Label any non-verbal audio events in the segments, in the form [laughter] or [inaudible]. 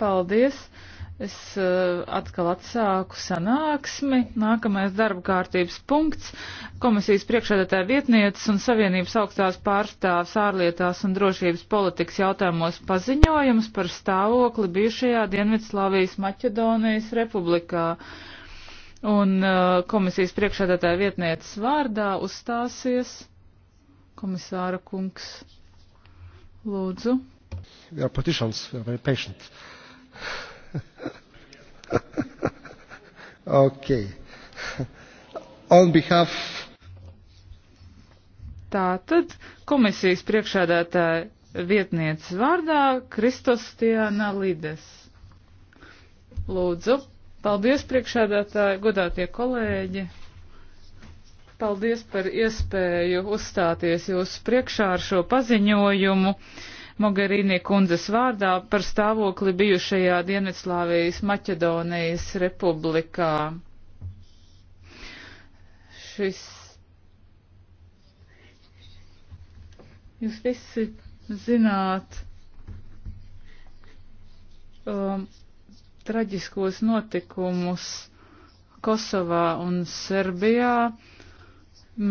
Paldies! Es eh, atkal atsāku sanāksmi. Nākamais darba kārtības punkts - komisijas priekšādātāja vietnietes un Savienības augstās pārstāvs ārlietās un drošības politikas jautājumos paziņojums par stāvokli bijušajā Dienvidslāvijas Maķedonijas republikā. Un eh, komisijas priekšādātāja vietnietes vārdā uzstāsies komisāra kungs. Lūdzu. We are politicians, we are very patient. [laughs] okay. On behalf. Tātad komisijas priekšādātāja vietnieces vārdā Kristos Tiāna Lides. Lūdzu, paldies priekšādātāji, godātie kolēģi. Paldies par iespēju uzstāties jūsu priekšā ar šo paziņojumu. Uh, Mogherini kundzes vārdā par stāvokli bijušajā Dienvidslāvijas Maķedonijas republikā. Šis Jūs visi zināt um, traģiskos notikumus Kosovā un Serbijā.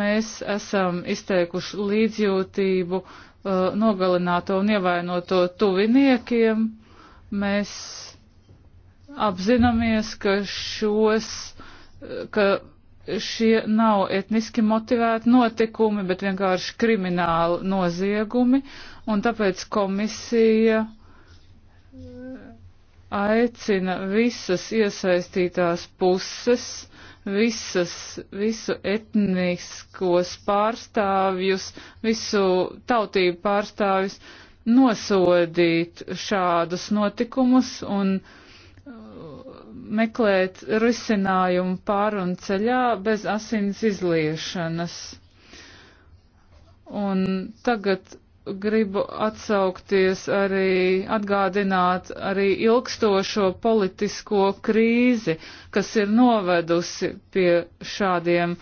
Mēs esam izteikuši līdzjūtību uh, uh, nogalināto un ievainoto tuviniekiem. Mēs apzināmies, ka šos, uh, ka šie nav etniski motivēti notikumi, bet vienkārši krimināli noziegumi, un tāpēc komisija uh, aicina visas iesaistītās puses visas, visu etniskos pārstāvjus, visu tautību pārstāvjus nosodīt šādus notikumus un uh, meklēt risinājumu pārunu ceļā bez asins izliešanas. Un tagad gribu atsaukties arī, atgādināt arī ilgstošo politisko krīzi, kas ir novedusi pie šādiem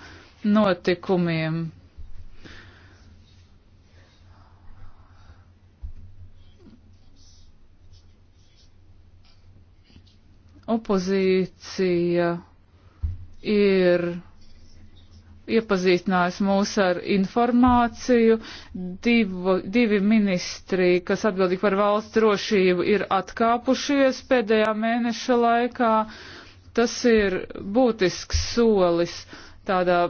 notikumiem. Opozīcija ir iepazīstinājis mūs ar informāciju. Divu, divi ministri, kas atbildīgi par valsts drošību, ir atkāpušies pēdējā mēneša laikā. Tas ir būtisks solis tādā.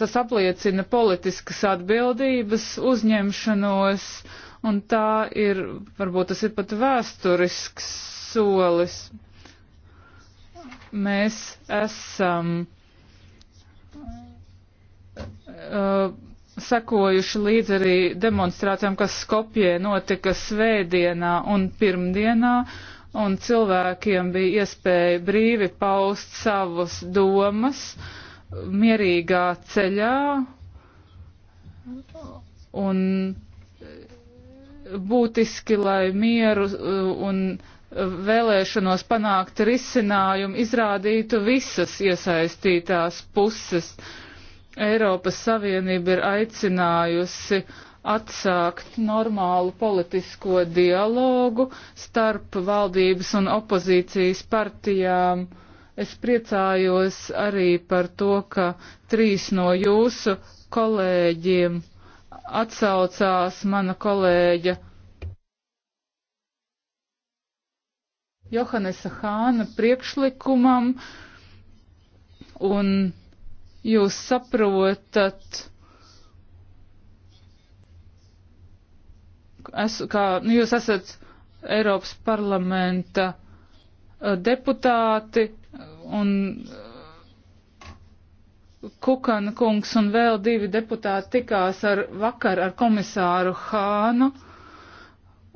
Tas apliecina politiskas atbildības uzņemšanos, un tā ir, varbūt tas ir pat vēsturisks solis. Mēs esam uh, sekojuši līdz arī demonstrācijām, kas Skopjē notika svētdienā un pirmdienā, un cilvēkiem bija iespēja brīvi paust savus domas mierīgā ceļā. Un būtiski, lai mieru uh, un vēlēšanos panākt risinājumu izrādītu visas iesaistītās puses. Uh, Eiropas Savienība ir aicinājusi atsākt normālu politisko dialogu starp valdības un opozīcijas partijām. Es priecājos arī par to, ka trīs no jūsu kolēģiem atsaucās mana kolēģa Johanesa Hāna priekšlikumam un jūs saprotat, es, kā nu, jūs esat Eiropas parlamenta eh, deputāti un eh, Kukana kungs un vēl divi deputāti tikās ar vakar ar komisāru Hānu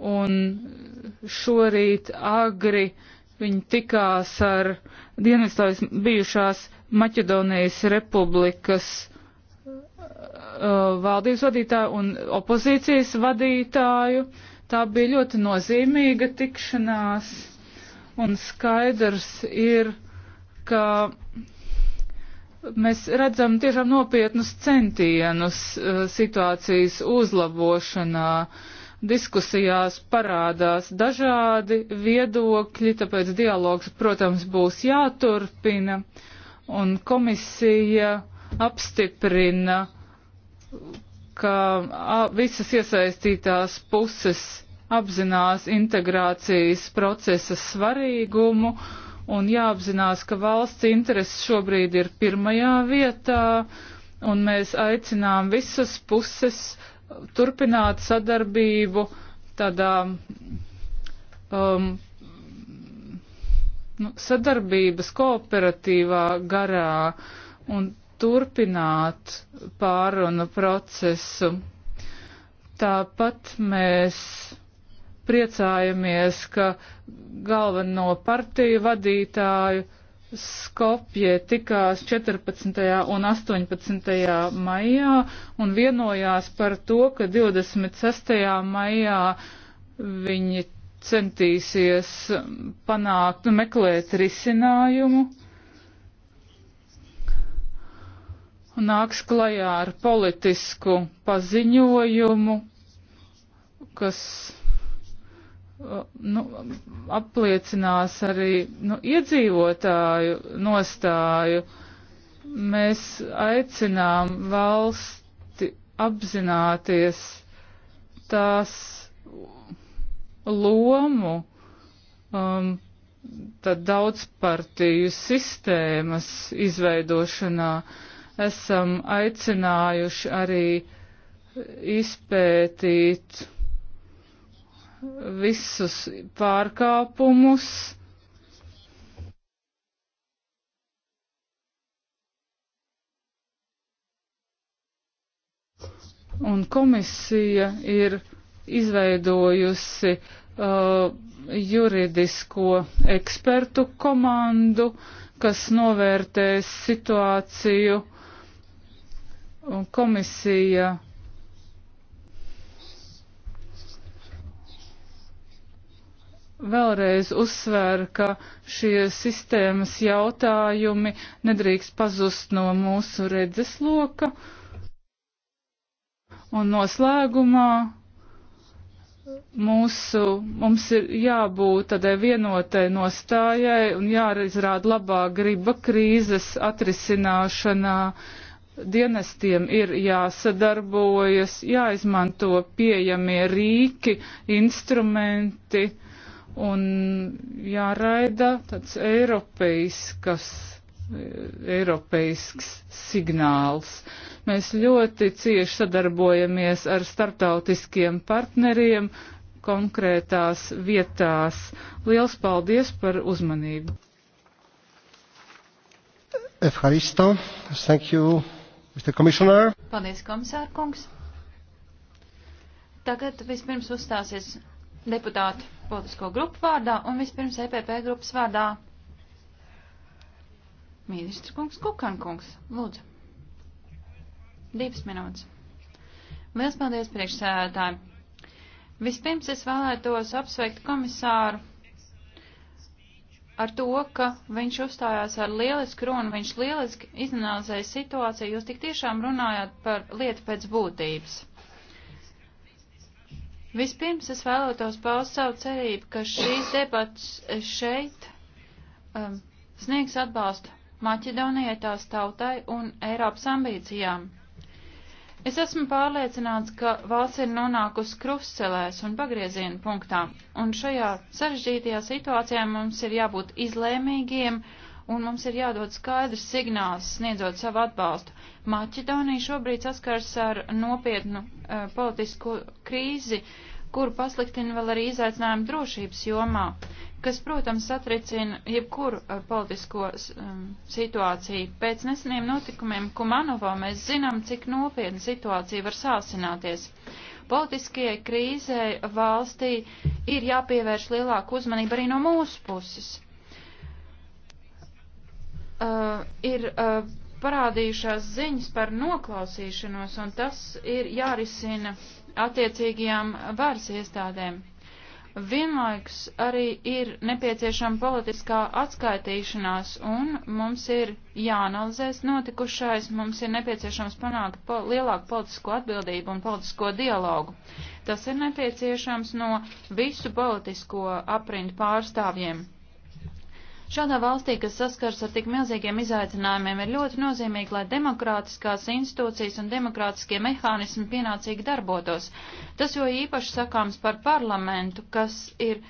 un šorīt agri Viņi tikās ar Dienvidstājas bijušās Maķedonijas republikas uh, valdības vadītāju un opozīcijas vadītāju. Tā bija ļoti nozīmīga tikšanās un skaidrs ir, ka mēs redzam tiešām nopietnus centienus uh, situācijas uzlabošanā. Uh, diskusijās parādās dažādi viedokļi, tāpēc dialogs, protams, būs jāturpina, un komisija apstiprina, ka visas iesaistītās puses apzinās integrācijas procesa svarīgumu un jāapzinās, ka valsts intereses šobrīd ir pirmajā vietā, un mēs aicinām visas puses turpināt sadarbību tādā um, nu, sadarbības kooperatīvā garā un turpināt pārunu procesu. Tāpat mēs priecājamies, ka galveno partiju vadītāju Skopje tikās 14. un 18. maijā un vienojās par to, ka 26. maijā viņi centīsies panākt, nu, meklēt risinājumu, nāks klajā ar politisku paziņojumu, kas nu, apliecinās arī nu, iedzīvotāju nostāju. Mēs aicinām valsti apzināties tās lomu um, tad daudzpartiju sistēmas izveidošanā. Esam aicinājuši arī izpētīt visus pārkāpumus. Un komisija ir izveidojusi uh, juridisko ekspertu komandu, kas novērtēs situāciju. Un komisija vēlreiz uzsver, ka šie sistēmas jautājumi nedrīkst pazust no mūsu redzesloka. Un noslēgumā mūsu, mums ir jābūt tādai vienotai nostājai un jāizrāda labā griba krīzes atrisināšanā. Dienestiem ir jāsadarbojas, jāizmanto pieejamie rīki, instrumenti un jāraida tāds eiropeiskas, eiropeisks signāls. Mēs ļoti cieši sadarbojamies ar starptautiskiem partneriem konkrētās vietās. Liels paldies par uzmanību. Efharisto, thank you, Mr. Commissioner. Paldies, komisārkungs. Tagad vispirms uzstāsies deputātu politisko grupu vārdā un vispirms EPP grupas vārdā. Ministrs kungs Kukan kungs, lūdzu. Divas minūtes. Liels paldies priekšsēdētāji. Vispirms es vēlētos apsveikt komisāru ar to, ka viņš uzstājās ar lielisku runu, viņš lieliski izanalizēja situāciju, jūs tik tiešām runājāt par lietu pēc būtības. Vispirms es vēlētos paust savu cerību, ka šīs debats šeit um, sniegs atbalstu Maķedonijai, tās tautai un Eiropas ambīcijām. Es esmu pārliecināts, ka valsts ir nonākusi krustcelēs un pagrieziena punktā, un šajā sarežģītajā situācijā mums ir jābūt izlēmīgiem un mums ir jādod skaidrs signāls, sniedzot savu atbalstu. Maķedonija šobrīd saskars ar nopietnu uh, politisko krīzi, kuru pasliktina vēl arī izaicinājumu drošības jomā, kas, protams, satricina jebkuru uh, politisko um, situāciju. Pēc neseniem notikumiem Kumanovo mēs zinām, cik nopietna situācija var sāsināties. Politiskajai krīzei valstī ir jāpievērš lielāka uzmanība arī no mūsu puses uh, ir uh, parādījušās ziņas par noklausīšanos, un tas ir jārisina attiecīgajām varas iestādēm. Vienlaikus arī ir nepieciešama politiskā atskaitīšanās, un mums ir jāanalizēs notikušais, mums ir nepieciešams panākt po lielāku politisko atbildību un politisko dialogu. Tas ir nepieciešams no visu politisko aprindu pārstāvjiem. Šādā valstī, kas saskars ar tik milzīgiem izaicinājumiem, ir ļoti nozīmīgi, lai demokrātiskās institūcijas un demokrātiskie mehānismi pienācīgi darbotos. Tas jo īpaši sakāms par parlamentu, kas ir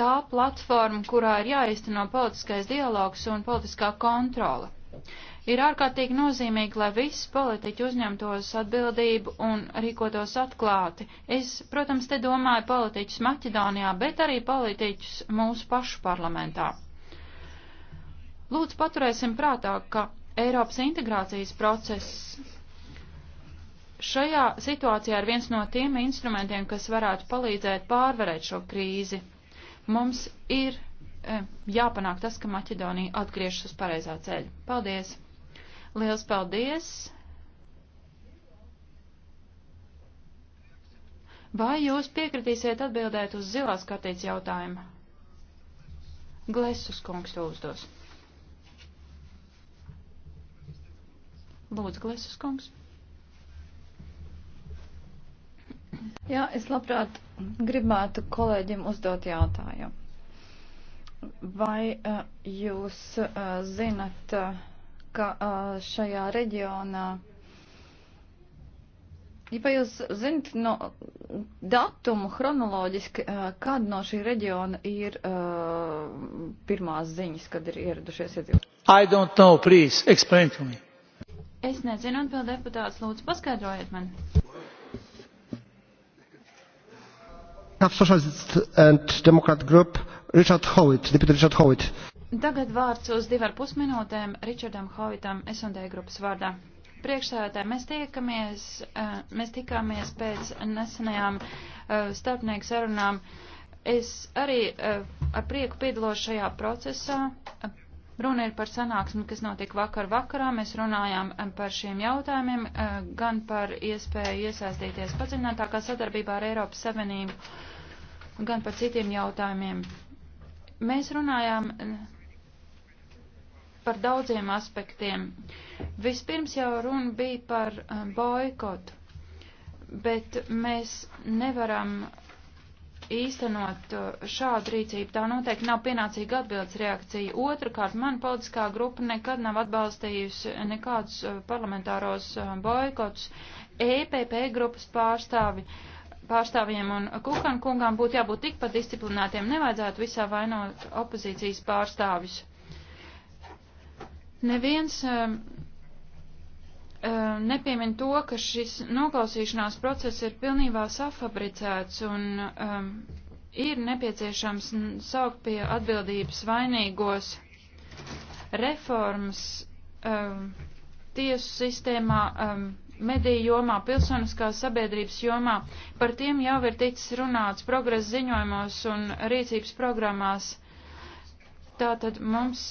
tā platforma, kurā ir jāizteno politiskais dialogs un politiskā kontrola. Ir ārkārtīgi nozīmīgi, lai visi politiķi uzņemtos atbildību un rīkotos atklāti. Es, protams, te domāju politiķus Maķedonijā, bet arī politiķus mūsu pašu parlamentā. Lūdzu, paturēsim prātā, ka Eiropas integrācijas process šajā situācijā ir viens no tiem instrumentiem, kas varētu palīdzēt pārvarēt šo krīzi. Mums ir e, jāpanāk tas, ka Maķedonija atgriežas uz pareizā ceļa. Paldies! Liels paldies! Vai jūs piekritīsiet atbildēt uz zilās kartītes jautājumu? Glesus kungs to uzdos. Lūdzu, Glesas kungs. Jā, es labprāt gribētu kolēģim uzdot jautājumu. Vai uh, jūs uh, zinat, uh, ka uh, šajā reģionā, ja jūs zinat no datumu chronoloģiski, uh, kad no šī reģiona ir uh, pirmās ziņas, kad ir ieradušies iedzīvotāji? I don't know, please, explain to me. Es nezinu, atbild deputāts, lūdzu, paskaidrojiet man. Socialist and Democrat Group, Richard Howitt, deputy Richard Howitt. Tagad vārds uz divar pusminūtēm Richardam Hovitam, S&D grupas vārdā. Priekšsēdētāji, mēs tiekamies, eh, mēs tikāmies pēc nesenajām eh, starpnieku sarunām. Es arī eh, ar prieku piedalos šajā procesā. Runa ir par sanāksmi, kas notika vakar vakarā. Mēs runājām par šiem jautājumiem, eh, gan par iespēju iesaistīties padziļinātākā sadarbībā ar Eiropas Savienību, gan par citiem jautājumiem. Mēs runājām eh, par daudziem aspektiem. Vispirms jau runa bija par eh, boikotu, bet mēs nevaram īstenot uh, šādu rīcību. Tā noteikti nav pienācīga atbildes reakcija. Otrakārt, man politiskā grupa nekad nav atbalstījusi nekādus uh, parlamentāros uh, boikotus. EPP grupas pārstāvi, pārstāvjiem un Kukan kungām būtu jābūt tikpat disciplinētiem. Nevajadzētu visā vainot opozīcijas pārstāvis. Neviens um, Eh, nepiemin to, ka šis noklausīšanās process ir pilnībā safabricēts un um, ir nepieciešams saukt pie atbildības vainīgos reformas um, tiesu sistēmā, um, mediju jomā, pilsoniskās sabiedrības jomā. Par tiem jau ir ticis runāts progresa ziņojumos un rīcības programmās. Tātad mums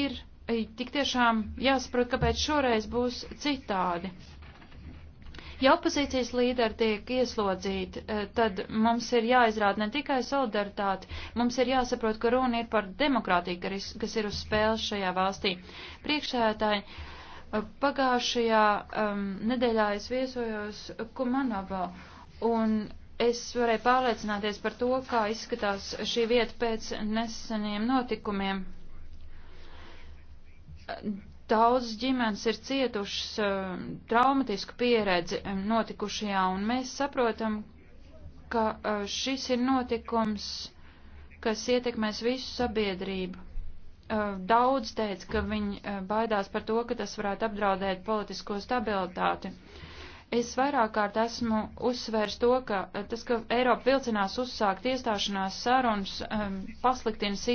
ir tik tiešām jāsaprot, kāpēc šoreiz būs citādi. Ja opozīcijas līderi tiek ieslodzīti, eh, tad mums ir jāizrāda ne tikai solidaritāte, mums ir jāsaprot, ka runa ir par demokrātiju, kas ir uz spēles šajā valstī. Priekšsētāji, eh, pagājušajā um, nedēļā es viesojos Kumanovā, un es varēju pārliecināties par to, kā izskatās šī vieta pēc neseniem notikumiem Daudz ģimenes ir cietušas uh, traumatisku pieredzi eh, notikušajā, un mēs saprotam, ka uh, šis ir notikums, kas ietekmēs visu sabiedrību. Uh, daudz teica, ka viņi baidās par to, ka tas varētu apdraudēt politisko stabilitāti. Uh, Es vairāk kārt esmu uzsvērs to, ka eh, tas, ka Eiropa vilcinās uzsākt iestāšanās sarunas, um, pasliktina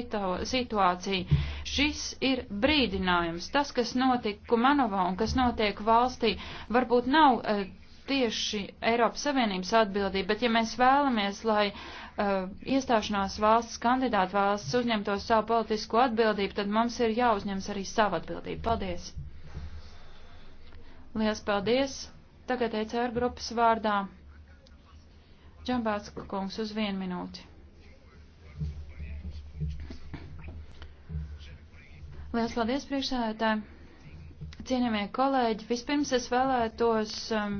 situāciju. Šis ir brīdinājums. Tas, kas notika Kumanovā un kas notiek valstī, varbūt nav uh, tieši Eiropas Savienības atbildība, bet ja mēs vēlamies, lai uh, iestāšanās valsts, kandidātu valsts uzņemtos savu politisko atbildību, tad mums ir jāuzņems arī savu atbildību. Paldies! Liels paldies! Tagad ECR grupas vārdā Džambāts kungs uz vienu minūti. Lielas paldies priekšsēdētāji! Cienījamie kolēģi, vispirms es vēlētos um,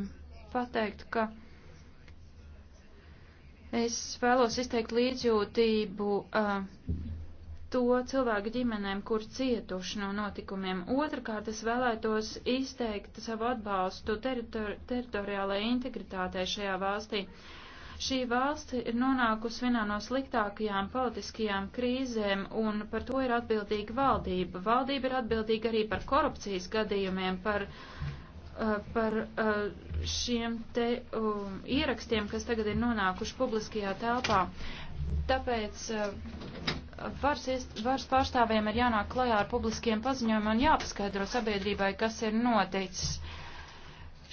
pateikt, ka es vēlos izteikt līdzjūtību. Uh, to cilvēku ģimenēm, kur cietuši no notikumiem. Otrakārt, es vēlētos izteikt savu atbalstu teritor teritoriālajai integritātei šajā valstī. Šī valsts ir nonākusi vienā no sliktākajām politiskajām krīzēm, un par to ir atbildīga valdība. Valdība ir atbildīga arī par korupcijas gadījumiem, par, eh, par eh, šiem te um, ierakstiem, kas tagad ir nonākuši publiskajā telpā. Tāpēc eh, varas, iest, varas pārstāvjiem ir jānāk klajā ar publiskiem paziņojumiem un jāpaskaidro sabiedrībai, kas ir noticis.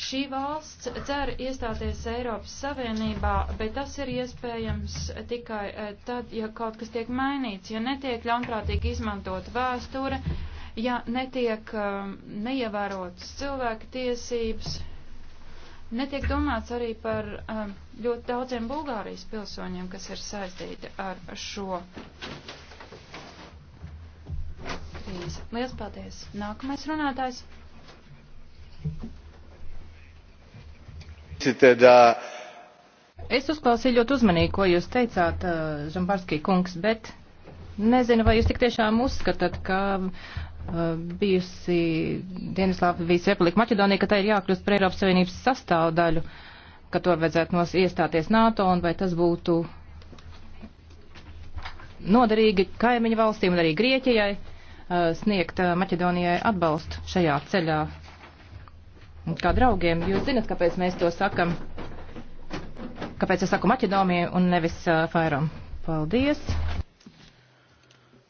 Šī valsts cer iestāties Eiropas Savienībā, bet tas ir iespējams tikai eh, tad, ja kaut kas tiek mainīts, ja netiek ļaunprātīgi izmantot vēsture, ja netiek um, neievērotas cilvēka tiesības, Netiek domāts arī par um, ļoti daudziem Bulgārijas pilsoņiem, kas ir saistīti ar šo krīzi. Lielas paldies! Nākamais runātājs. Es uzklausīju ļoti uzmanīgi, ko jūs teicāt, uh, Žambarskī kungs, bet nezinu, vai jūs tik tiešām uzskatāt, ka bijusi Dienvidslāvijas republika Maķedonija, ka tā ir jākļūst par Eiropas Savienības sastāvdaļu, ka to vajadzētu nos iestāties NATO un vai tas būtu noderīgi kaimiņu valstīm un arī Grieķijai uh, sniegt uh, Maķedonijai atbalstu šajā ceļā. Un kā draugiem, jūs zinat, kāpēc mēs to sakam, kāpēc es saku Maķedomiju un nevis uh, Fairam. Paldies!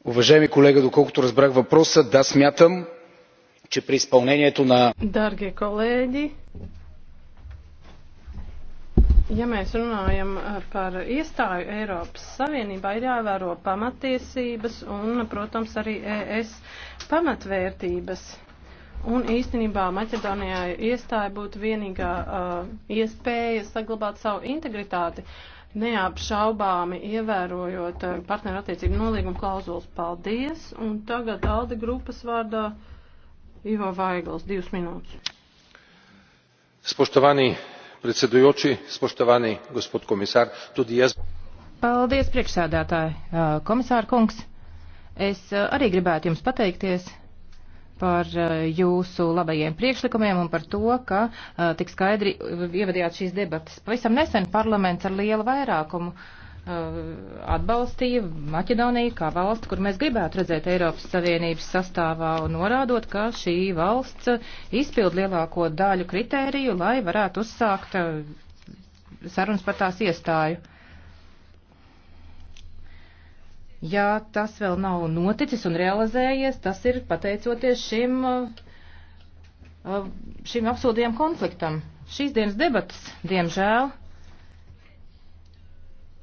Уважаеми колега, доколкото разбрах въпроса, да, смятам, че при изпълнението на... Дārgie kolēģi, ja mēs runājam par iestāju Eiropas Savienībā, ir jāvēro pamatiesības un, protams, arī ES pamatvērtības. Un īstenībā Maķedonijai iestāja būtu vienīgā uh, iespēja saglabāt savu integritāti. Uh, neapšaubāmi ievērojot eh, partnerattiecību nolīgumu klauzulas. Paldies! Un tagad Alde grupas vārdā Ivo Vaigls, divas minūtes. Spoštovani predsedujoči, spoštovani gospod komisār, tudi jaz. Paldies, priekšsēdētāji, eh, komisāra kungs. Es eh, arī gribētu jums pateikties par eh, jūsu labajiem priekšlikumiem un par to, ka eh, tik skaidri ievadījāt šīs debatas. Pavisam nesen parlaments ar lielu vairākumu eh, atbalstīja Maķedoniju kā valsti, kur mēs gribētu redzēt Eiropas Savienības sastāvā un norādot, ka šī valsts izpild lielāko daļu kritēriju, lai varētu uzsākt sarunas par tās iestāju. Uh, Ja tas vēl nav noticis un realizējies, tas ir pateicoties šim, uh, uh, šim absurdiem konfliktam. Šīs dienas debatas, diemžēl,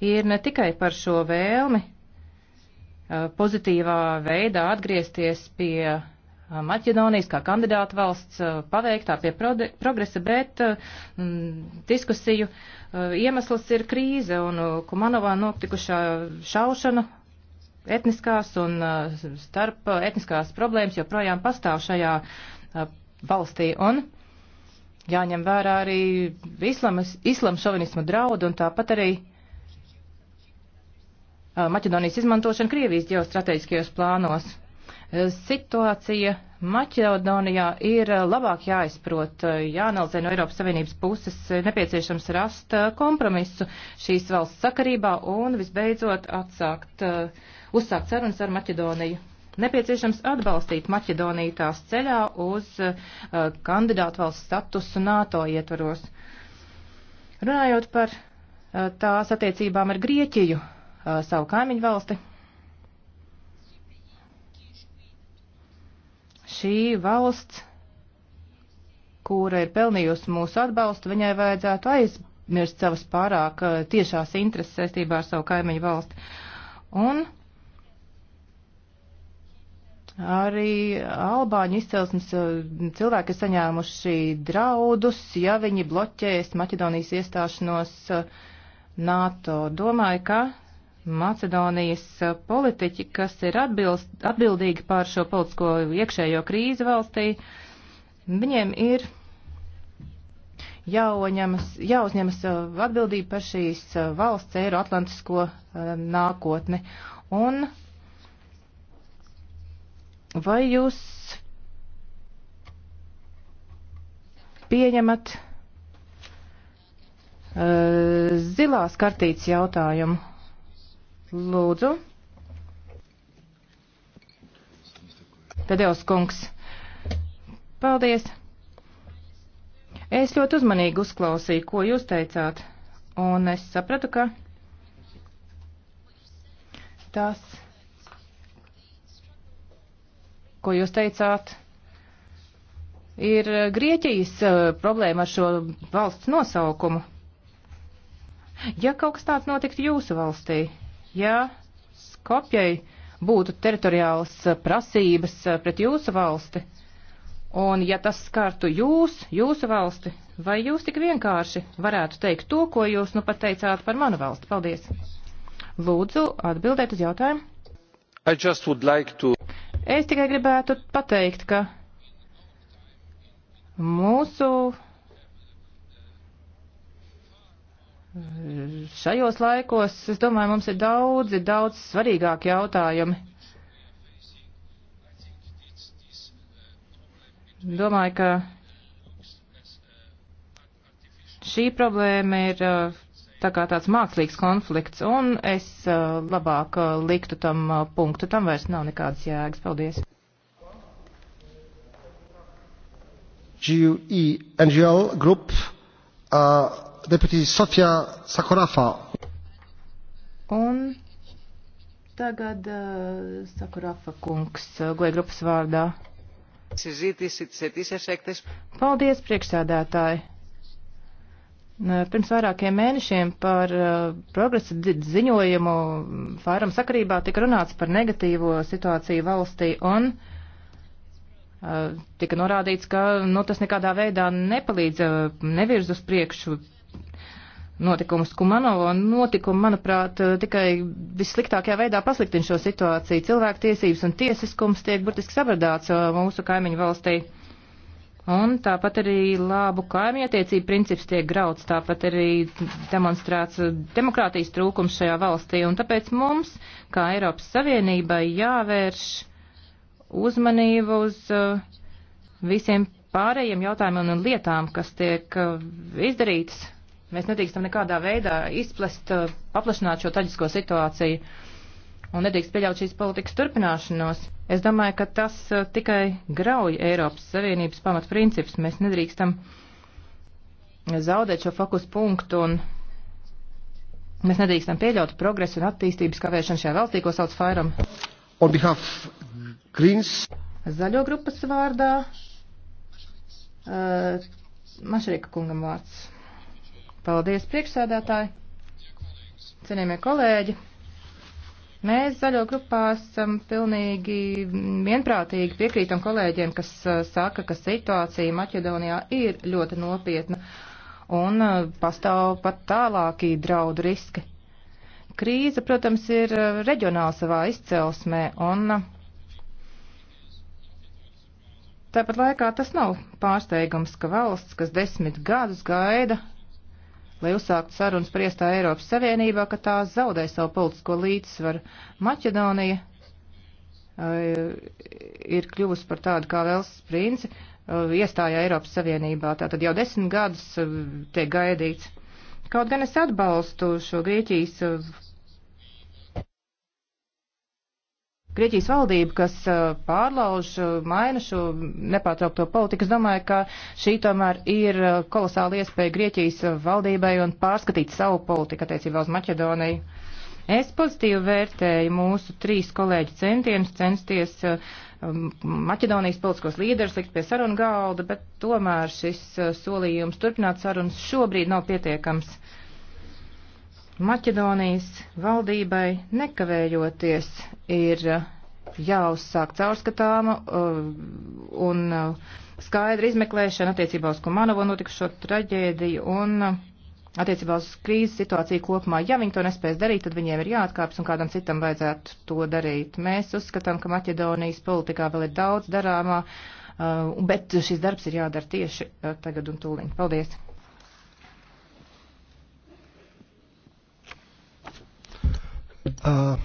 ir ne tikai par šo vēlmi uh, pozitīvā veidā atgriezties pie Maķedonijas kā kandidāta valsts paveiktā pie progresa, bet m, diskusiju iemesls ir krīze un Kumanovā notikušā šaušana etniskās un uh, starp uh, etniskās problēmas joprojām pastāv šajā uh, valstī. Un jāņem vērā arī islamas, islama šovinismu draudu un tāpat arī Maķedonijas izmantošana Krievijas ģeostrateģiskajos plānos. Situācija Maķedonijā ir labāk jāizprot, jāanalizē no Eiropas Savienības puses, nepieciešams rast kompromisu šīs valsts sakarībā un visbeidzot atsākt uh, uzsākt sarunas ar Maķedoniju. Nepieciešams atbalstīt Maķedoniju tās ceļā uz uh, kandidātu valsts statusu NATO ietvaros. Runājot par uh, tās attiecībām ar Grieķiju, uh, savu kaimiņu valsti, šī valsts, kura ir pelnījusi mūsu atbalstu, viņai vajadzētu aizmirst savas pārāk tiešās intereses saistībā ar savu kaimiņu valsti. Un arī albāņu izcelsmes eh, cilvēki ir saņēmuši draudus, ja viņi bloķēs Maķedonijas iestāšanos eh, NATO. Domāju, ka Macedonijas eh, politiķi, kas ir atbilst, atbildīgi pār šo politisko iekšējo krīzi valstī, viņiem ir jāoņemas, jāuzņemas atbildība par šīs valsts Eiroatlantisko nākotni. Un Vai jūs pieņemat uh, zilās kartītes jautājumu? Lūdzu. Tadevs kungs. Paldies. Es ļoti uzmanīgi uzklausīju, ko jūs teicāt, un es sapratu, ka tas ko jūs teicāt, ir Grieķijas eh, problēma ar šo valsts nosaukumu. Ja kaut kas tāds notiktu jūsu valstī, ja Skopjai būtu teritoriāls eh, prasības eh, pret jūsu valsti, un ja tas skartu jūs, jūsu valsti, vai jūs tik vienkārši varētu teikt to, ko jūs nu pat teicāt par manu valsti? Paldies! Lūdzu, atbildēt uz jautājumu. Like to... Es tikai gribētu pateikt, ka mūsu šajos laikos, es domāju, mums ir daudzi, daudz svarīgāki jautājumi. Domāju, ka šī problēma ir uh, tā kā tāds mākslīgs konflikts, un es uh, labāk uh, liktu tam uh, punktu. Tam vairs nav nekādas jēgas. Paldies. GUE NGL Group, uh, deputy Sofija Sakorafa. Un tagad uh, Sakorafa kungs, uh, GUE grupas vārdā. Paldies, priekšsēdētāji. Pirms vairākiem mēnešiem par uh, progresa ziņojumu fāram sakarībā tika runāts par negatīvo situāciju valstī un uh, tika norādīts, ka nu, tas nekādā veidā nepalīdz uh, nevirz uz priekšu notikums Kumanovo un notikumi, manuprāt, tikai vissliktākajā veidā pasliktina šo situāciju. Cilvēktiesības un tiesiskums tiek burtiski sabradāts mūsu kaimiņu valstī. Un tāpat arī labu kaimietiecību princips tiek grauts, tāpat arī demonstrēts demokrātijas trūkums šajā valstī. Un tāpēc mums, kā Eiropas Savienībai, jāvērš uzmanību uz uh, visiem pārējiem jautājumiem un lietām, kas tiek uh, izdarītas. Mēs nedrīkstam nekādā veidā izplest, uh, paplašināt šo taģisko situāciju un nedrīkst pieļaut šīs politikas turpināšanos. Es domāju, ka tas eh, tikai grauj Eiropas Savienības pamatprincips. Mēs nedrīkstam zaudēt šo fokus punktu un mēs nedrīkstam pieļaut progresu un attīstības kavēšanu šajā valstī, ko sauc Fairam. On behalf Greens. Zaļo grupas vārdā. Uh, eh, Mašrika kungam vārds. Paldies priekšsēdētāji. Cienījamie kolēģi. Mēs zaļo grupā esam pilnīgi vienprātīgi piekrītam kolēģiem, kas uh, saka, ka situācija Maķedonijā ir ļoti nopietna un uh, pastāv pat tālākī draudu riski. Krīze, protams, ir uh, reģionāla savā izcelsmē un tāpat laikā tas nav pārsteigums, ka valsts, kas desmit gadus gaida lai uzsāktu sarunas priestā Eiropas Savienībā, ka tā zaudē savu politisko līdzsvaru. Maķedonija eh, ir kļuvusi par tādu kā Velsas princi, eh, iestājā Eiropas Savienībā. Tātad jau desmit gadus eh, tiek gaidīts. Kaut gan es atbalstu šo Grieķijas Grieķijas valdība, kas pārlauž, maina šo nepārtraukto politiku, es domāju, ka šī tomēr ir kolosāla iespēja Grieķijas valdībai un pārskatīt savu politiku attiecībā uz Maķedoniju. Es pozitīvi vērtēju mūsu trīs kolēģu centienus censties Maķedonijas politiskos līderus likt pie sarunu galda, bet tomēr šis solījums turpināt sarunas šobrīd nav pietiekams. Maķedonijas valdībai nekavējoties ir uh, jāuzsāk caurskatāma uh, un uh, skaidra izmeklēšana attiecībā uz Komanovo notikušo traģēdiju un attiecībā uz krīzes situāciju kopumā. Ja viņi to nespēs darīt, tad viņiem ir jāatkāps un kādam citam vajadzētu to darīt. Mēs uzskatām, ka Maķedonijas politikā vēl ir daudz darāmā, bet šis darbs ir jādara tieši tagad un tūlīt. Paldies! Uh,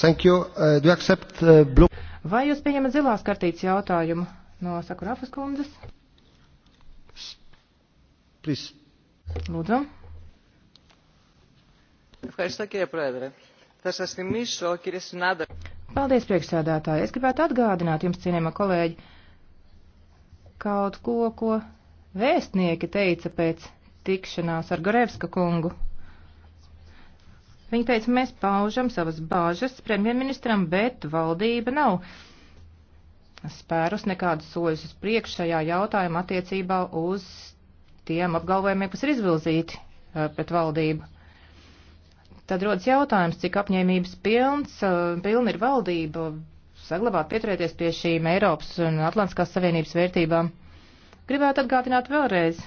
thank you. Uh, do you accept uh, blue? Vai jūs pieņemat zilās kartītes jautājumu no Sakurafas kundzes? Please. Lūdzu. Ευχαριστώ κύριε Πρόεδρε. Θα σας θυμίσω κύριε συνάδελφε. Paldies, priekšsēdētāji. Es gribētu atgādināt jums, cienījamā kolēģi, kaut ko, ko vēstnieki teica pēc tikšanās ar Gorevska kungu Viņa teica, mēs paužam savas bāžas premjerministram, bet valdība nav spērus nekādus soļus uz priekšu šajā jautājumā attiecībā uz tiem apgalvojumiem, kas ir izvilzīti eh, pret valdību. Tad rodas jautājums, cik apņēmības pilns, eh, pilna ir valdība saglabāt, pieturēties pie šīm Eiropas un Atlantiskās Savienības vērtībām. Gribētu atgādināt vēlreiz,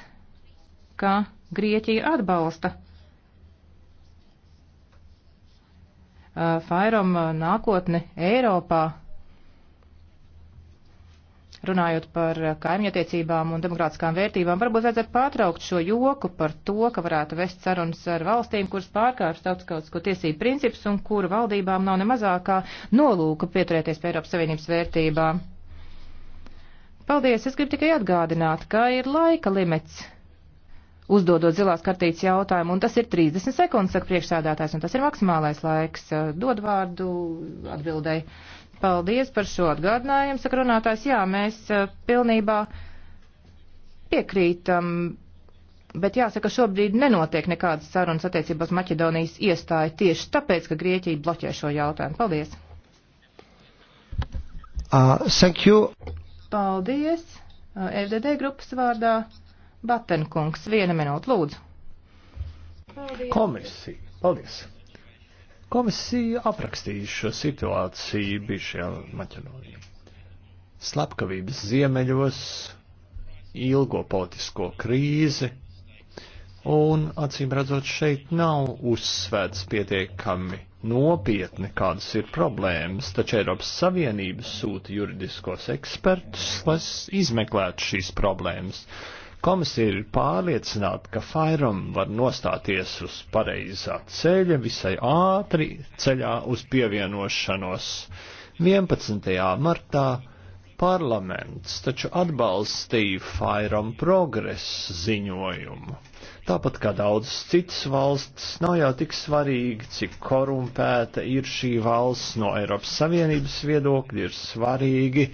ka Grieķija atbalsta Uh, Fairam uh, nākotni Eiropā, runājot par uh, kaimiņattiecībām un demokrātiskām vērtībām, varbūt vajadzētu pārtraukt šo joku par to, ka varētu vest sarunas ar valstīm, kuras pārkāpj starptautisko tiesību principus un kuru valdībām nav ne mazākā nolūka pieturēties pie Eiropas Savienības vērtībām. Paldies! Es gribu tikai atgādināt, ka ir laika limits uzdodot zilās kartītes jautājumu, un tas ir 30 sekundes, saka priekšsādātājs, un tas ir maksimālais laiks. Eh, dod vārdu atbildēji. Paldies par šo atgādinājumu, saka runātājs. Jā, mēs eh, pilnībā piekrītam, bet jāsaka, šobrīd nenotiek nekādas sarunas attiecībā uz Maķedonijas iestāju tieši tāpēc, ka Grieķija bloķē šo jautājumu. Paldies! Uh, thank you. Paldies. Eh, FDD grupas vārdā. Batenkungs, viena minūte, lūdzu. Paldies. Komisija, paldies. Komisija aprakstīja šo situāciju bijušajā Maķedonijā. Slepkavības ziemeļos, ilgo politisko krīzi, un acīm redzot šeit nav uzsvērts pietiekami nopietni, kādas ir problēmas, taču Eiropas Savienības sūta juridiskos ekspertus, lai izmeklētu šīs problēmas. Komisija ir pārliecināta, ka Fairam var nostāties uz pareizā ceļa visai ātri ceļā uz pievienošanos. 11. martā parlaments taču atbalstīja Fairam progresa ziņojumu. Tāpat kā daudzas citas valsts, nav jau tik svarīgi, cik korumpēta ir šī valsts no Eiropas Savienības viedokļa, ir svarīgi,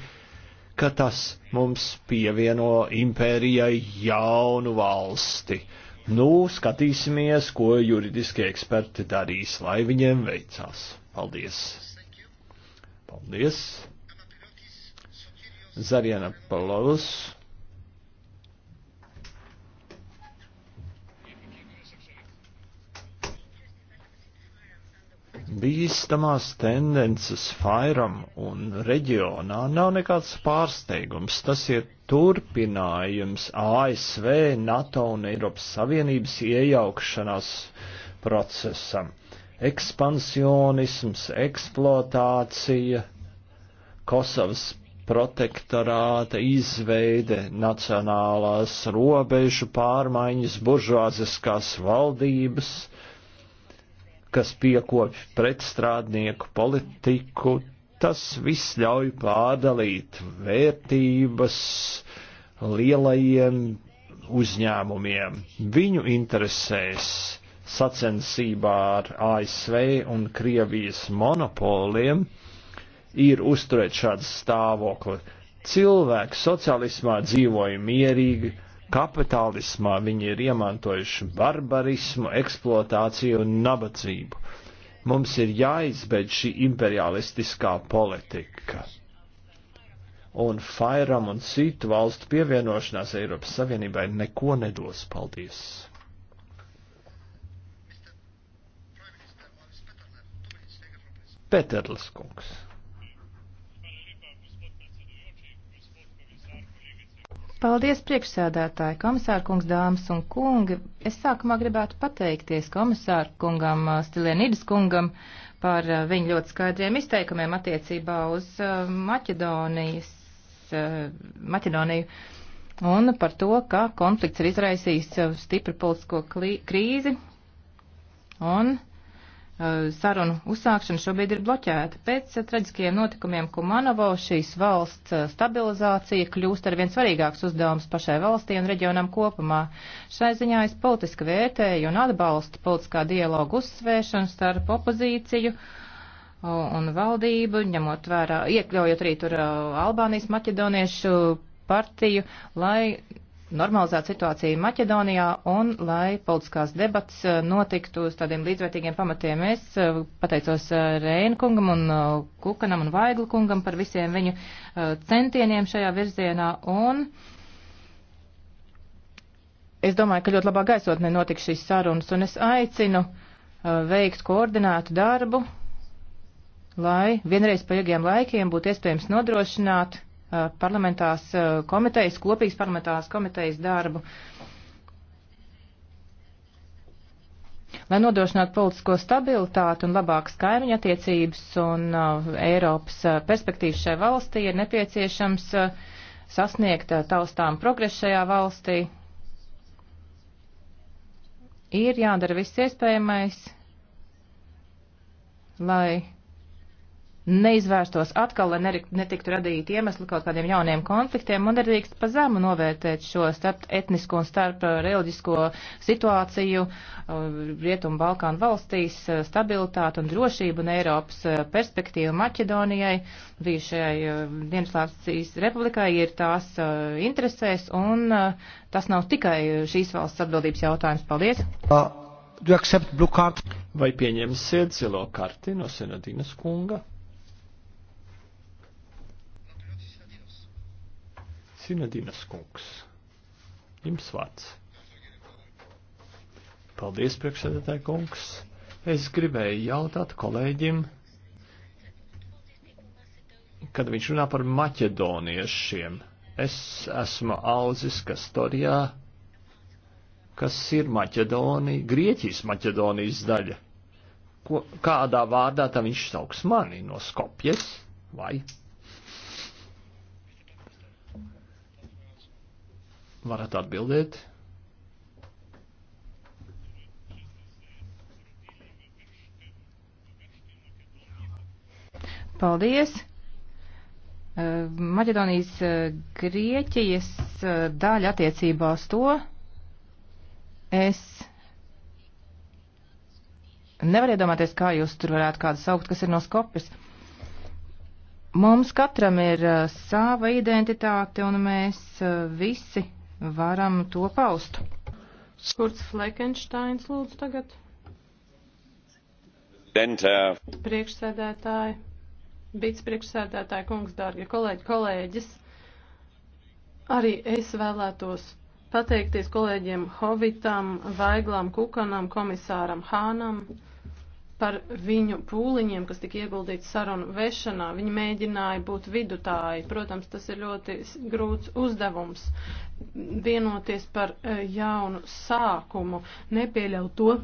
ka tas mums pievieno impērijai jaunu valsti. Nu, skatīsimies, ko juridiskie eksperti darīs, lai viņiem veicās. Paldies! Paldies! Zariana Palovs. bīstamās tendences Fairam un reģionā nav nekāds pārsteigums. Tas ir turpinājums ASV, NATO un Eiropas Savienības iejaukšanās procesam. Ekspansionisms, eksploatācija, Kosovas protektorāta izveide, nacionālās robežu pārmaiņas, buržuāziskās valdības kas piekopj pretstrādnieku politiku, tas viss ļauj pārdalīt vērtības lielajiem uzņēmumiem. Viņu interesēs sacensībā ar ASV un Krievijas monopoliem ir uzturēt šādu stāvokli. Cilvēki sociālismā dzīvoja mierīgi, kapitālismā viņi ir iemantojuši barbarismu, eksploatāciju un nabadzību. Mums ir jāizbeidz šī imperialistiskā politika. Un Fairam un citu valstu pievienošanās Eiropas Savienībai neko nedos. Paldies! Peterlis kungs. Paldies, priekšsēdētāji, komisāra kungs, dāmas un kungi. Es sākumā gribētu pateikties komisāra kungam uh, Stilienidis kungam par uh, viņu ļoti skaidriem izteikumiem attiecībā uz uh, Maķedonijas, Maķedoniju un par to, ka konflikts ir izraisījis stipru politisko krīzi un Eh, sarunu uzsākšana šobrīd ir bloķēta. Pēc eh, traģiskajiem notikumiem Kumanovo šīs valsts eh, stabilizācija kļūst ar vien svarīgāks uzdevums pašai valstī un reģionam kopumā. Šai ziņā es politiski vērtēju un atbalstu politiskā dialogu uzsvēršanu starp opozīciju un valdību, ņemot vērā, iekļaujot arī tur Albānijas maķedoniešu partiju, lai normalizētu situāciju Maķedonijā un lai politiskās debats eh, notiktu uz tādiem līdzvērtīgiem pamatiem. Es eh, pateicos eh, Rēna kungam un Kukanam un Vaigla kungam par visiem viņu centieniem šajā virzienā un es domāju, ka ļoti labā gaisotnē notiks šīs sarunas un es aicinu veikt koordinētu darbu, lai vienreiz pa ilgiem laikiem būtu iespējams nodrošināt parlamentās komitejas, kopīgas parlamentās komitejas darbu. Lai nodrošinātu politisko stabilitāti un labākas kaimiņa attiecības un uh, Eiropas perspektīvas šai valstī, ir nepieciešams uh, sasniegt uh, taustām progresu šajā valstī. Ir jādara viss iespējamais, lai neizvērstos atkal, lai nerik, netiktu radīti iemesli kaut kādiem jauniem konfliktiem, un arī pa zemu novērtēt šo starp etnisko un starp eh, reliģisko situāciju eh, Rietumu Balkānu valstīs, eh, stabilitātu un drošību un Eiropas perspektīvu Maķedonijai, bijušajai Dienaslāvijas republikai ir tās interesēs, un tas nav tikai šīs valsts atbildības jautājums. Paldies! Uh, Vai pieņemsiet zilo karti no Senadīnas kunga? Sinadinas kungs, jums vārds. Paldies, priekšsēdētāji kungs. Es gribēju jautāt kolēģim, kad viņš runā par maķedoniešiem. Es esmu Alzis Kastorijā, kas ir Maķedonija, Grieķijas Maķedonijas daļa. Ko, kādā vārdā tā viņš sauks mani no Skopjes vai? Varat atbildēt? Paldies! Eh, Maķedonijas eh, Grieķijas eh, daļa attiecībā uz to es nevaru iedomāties, kā jūs tur varētu kādu saukt, kas ir no Skopjas. Mums katram ir sava identitāte un mēs visi varam to paust. Kurts Fleckensteins lūdzu tagad. Dentā. Priekšsēdētāji, vicepriekšsēdētāji, kungs, dārgie kolēģi, kolēģis. Arī es vēlētos pateikties kolēģiem Hovitam, Vaiglam, Kukanam, komisāram Hānam par viņu pūliņiem, kas tika ieguldīts sarunu vešanā. Viņi mēģināja būt vidutāji. Protams, tas ir ļoti grūts uzdevums vienoties par eh, jaunu sākumu, nepieļaut to,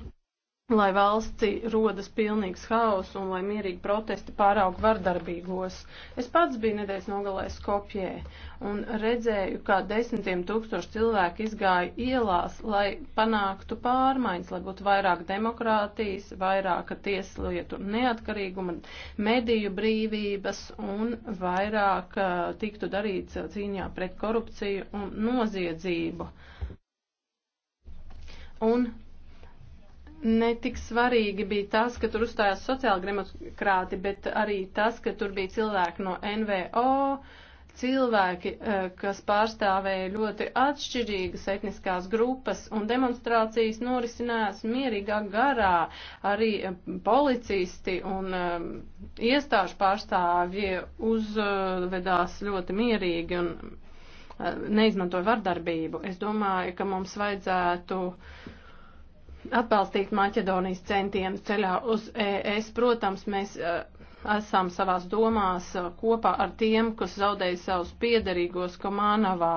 lai valstī rodas pilnīgs haoss un lai mierīgi protesti pāraug vardarbīgos. Es pats biju nedēļas nogalē Skopjē un redzēju, kā desmitiem tūkstoši cilvēku izgāja ielās, lai panāktu pārmaiņas, lai būtu vairāk demokrātijas, vairāka tieslietu neatkarīguma, mediju brīvības un vairāk uh, tiktu darīts cīņā pret korupciju un noziedzību. Un Netik svarīgi bija tas, ka tur uzstājās sociāldemokrāti, bet arī tas, ka tur bija cilvēki no NVO, cilvēki, eh, kas pārstāvēja ļoti atšķirīgas etniskās grupas, un demonstrācijas norisinājās mierīgā garā. Arī eh, policisti un eh, iestāžu pārstāvji uzvedās ļoti mierīgi un neizmantoja vardarbību. Es domāju, ka mums vajadzētu. Uh, atbalstīt Maķedonijas centienu ceļā uz ES. Protams, mēs eh, esam savās domās eh, kopā ar tiem, kas zaudēja savus piedarīgos Komānavā.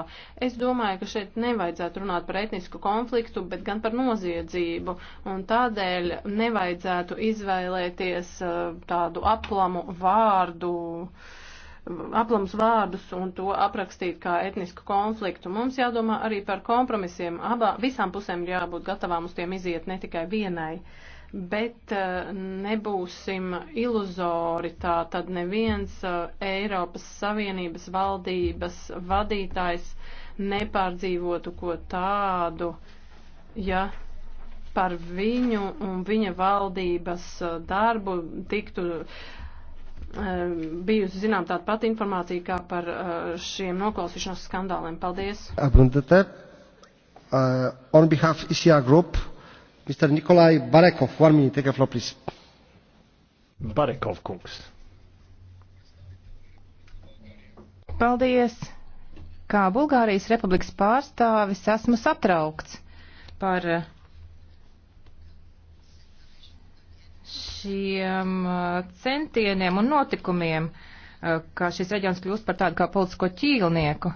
Es domāju, ka šeit nevajadzētu runāt par etnisku konfliktu, bet gan par noziedzību, un tādēļ nevajadzētu izvēlēties eh, tādu aplamu vārdu. Uh, aplams vārdus un to aprakstīt kā etnisku konfliktu. Mums jādomā arī par kompromisiem. Abā, visām pusēm ir jābūt gatavām uz tiem iziet, ne tikai vienai. Bet eh, nebūsim iluzori, tā tad neviens eh, Eiropas Savienības valdības vadītājs nepārdzīvotu ko tādu, ja par viņu un viņa valdības eh, darbu tiktu uh, Eh, bijusi zinām tāda pati informācija kā par eh, šiem noklausīšanās skandāliem. Paldies! Abrundete. Uh, eh, on behalf of ECR Group, Mr. Nikolai Barekov, one minute, take a floor, please. Barekov kungs. Paldies! Kā Bulgārijas republikas pārstāvis esmu satraukts par šiem eh, centieniem un notikumiem, eh, ka šis reģions kļūst par tādu kā politisko ķīlnieku.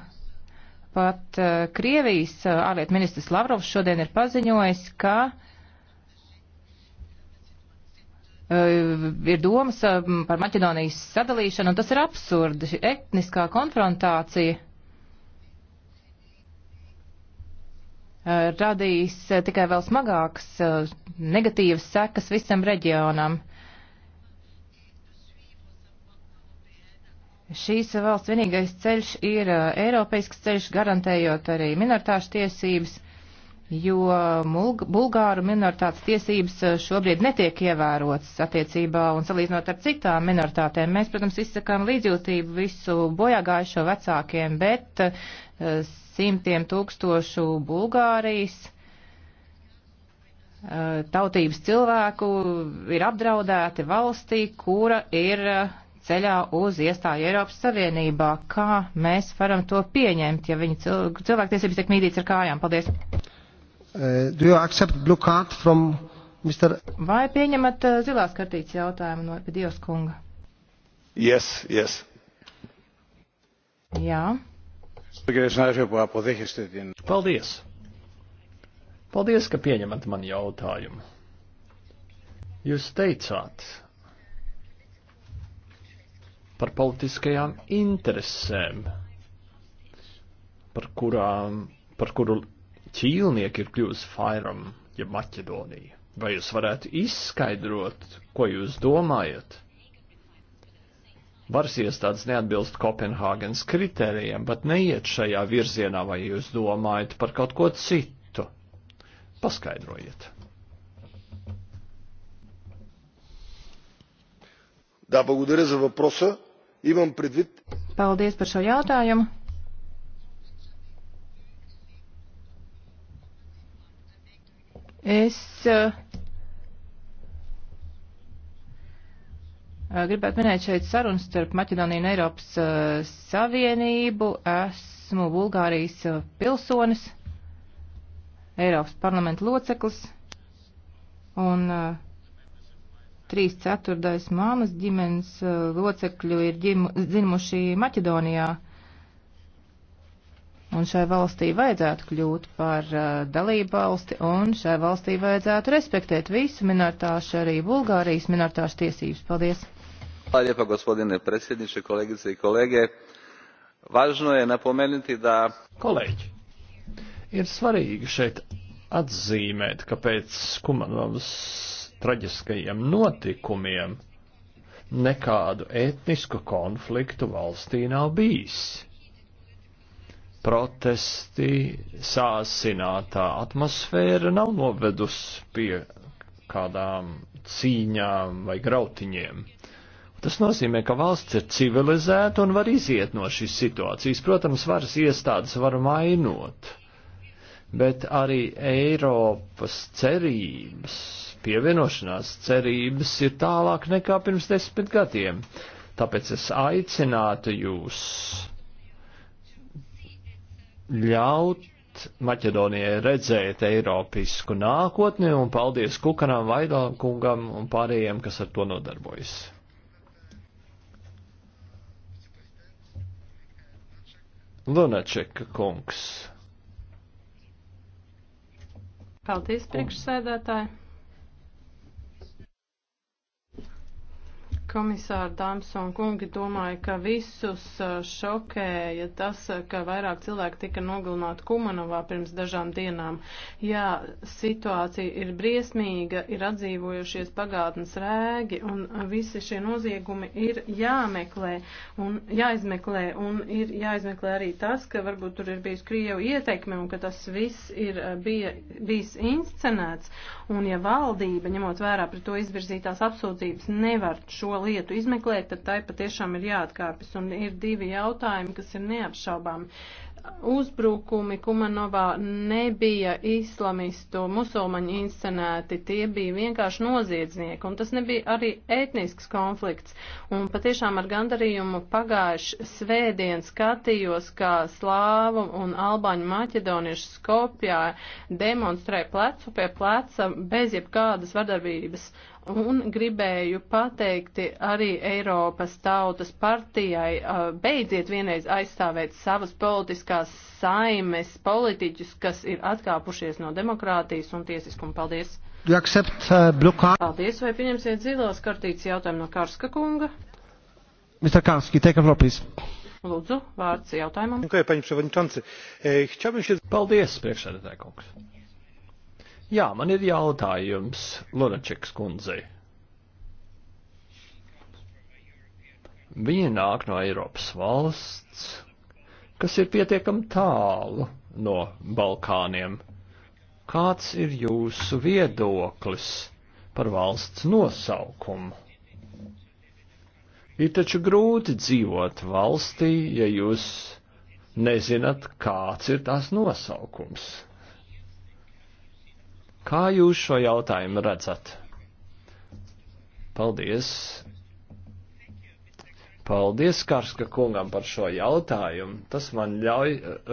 Pat eh, Krievijas ārlietu ministrs Lavrovs šodien ir paziņojis, ka ir domas par Maķedonijas sadalīšanu, un tas ir absurdi. Etniskā konfrontācija Eh, radīs eh, tikai vēl smagākas eh, negatīvas sekas visam reģionam. Šīs valsts vienīgais ceļš ir Eiropeisks ceļš, garantējot arī minoritāšu tiesības jo bulgāru minoritātes tiesības eh, šobrīd netiek ievērotas attiecībā un salīdzinot ar citām minoritātēm. Mēs, protams, izsakām līdzjūtību visu bojāgājušo vecākiem, bet eh, simtiem tūkstošu Bulgārijas eh, tautības cilvēku ir apdraudēti valstī, kura ir ceļā uz iestāju Eiropas Savienībā. Kā mēs varam to pieņemt, ja viņa cilvēktiesības tiek mīdīts ar kājām? Paldies! Uh, do you accept blue card from Mr. Vai pieņemat uh, zilās kartītes jautājumu no Dievs kunga? Yes, yes. Jā. Paldies. Paldies, ka pieņemat man jautājumu. Jūs teicāt par politiskajām interesēm, par kurām, par kuru ķīlnieki ir kļuvusi Fairam, ja Maķedonija. Vai jūs varētu izskaidrot, ko jūs domājat? Varas iestādes neatbilst Kopenhāgenes kritērijiem, bet neiet šajā virzienā, vai jūs domājat par kaut ko citu. Paskaidrojiet. Да, благодаря за въпроса. Имам предвид. Paldies par šo jautājumu. Es eh, gribētu minēt šeit sarunu starp Maķedoniju un Eiropas eh, Savienību. Esmu Bulgārijas eh, pilsonis, Eiropas parlamenta loceklis un trīs ceturtais māmas ģimenes locekļu ir dzimuši Maķedonijā. Un šai valstī vajadzētu kļūt par uh, dalību valsti, un šai valstī vajadzētu respektēt visu minoritāšu, arī Bulgārijas minoritāšu tiesības. Paldies! Hvala lijepa gospodine predsjedniče, kolegice i kolege. Važno je napomenuti da... Kolēģi, ir svarīgi šeit atzīmēt, ka pēc Kumanovas traģiskajiem notikumiem nekādu etnisku konfliktu valstī nav bijis protesti, sāsinātā atmosfēra nav novedus pie kādām cīņām vai grautiņiem. Tas nozīmē, ka valsts ir civilizēta un var iziet no šīs situācijas. Protams, varas iestādes var mainot, bet arī Eiropas cerības, pievienošanās cerības ir tālāk nekā pirms desmit gadiem. Tāpēc es aicinātu jūs ļaut Maķedonijai redzēt Eiropisku nākotni, un paldies Kukanam, Vaidām kungam un pārējiem, kas ar to nodarbojas. Lunačeka kungs. Paldies, priekšsēdētāji. Komisāri, dāmas un kungi, domāju, ka visus uh, šokēja tas, uh, ka vairāk cilvēki tika nogalināti Kumanovā pirms dažām dienām. Jā, situācija ir briesmīga, ir atdzīvojušies pagātnes rēgi, un visi šie noziegumi ir jāmeklē un jāizmeklē, un ir jāizmeklē arī tas, ka varbūt tur ir bijis Krievu ieteikme, un ka tas viss ir uh, bija, bijis inscenēts, un ja valdība, ņemot vērā pret to izvirzītās apsūdzības, nevar šo šo lietu izmeklē, tad tai patiešām ir jāatkāpjas. Un ir divi jautājumi, kas ir neapšaubāmi. Uzbrukumi Kumanovā nebija islamistu musulmaņu inscenēti, tie bija vienkārši noziedznieki, un tas nebija arī etnisks konflikts. Un patiešām ar gandarījumu pagājuši svētdien skatījos, kā slāvu un albāņu maķedoniešu Skopjā demonstrē plecu pie pleca bez jebkādas vardarbības. Un gribēju pateikt arī Eiropas tautas partijai, beidziet vienreiz aizstāvēt savas politiskās saimes politiķus, kas ir atkāpušies no demokrātijas un tiesiskuma. Paldies! Accept, uh, Paldies, vai pieņemsiet zilās kartītes jautājumu no Karska kunga? Mr. Karski, take a floor, please. Lūdzu, vārds jautājumam. E, Paldies, priekšsēdētāj kungs. Jā, man ir jautājums Lunačekas kundzei. Viņa nāk no Eiropas valsts, kas ir pietiekami tālu no Balkāniem. Kāds ir jūsu viedoklis par valsts nosaukumu? Ir taču grūti dzīvot valstī, ja jūs nezināt, kāds ir tās nosaukums. Kā jūs šo jautājumu redzat? Paldies! Paldies Karska kungam par šo jautājumu. Tas man ļauj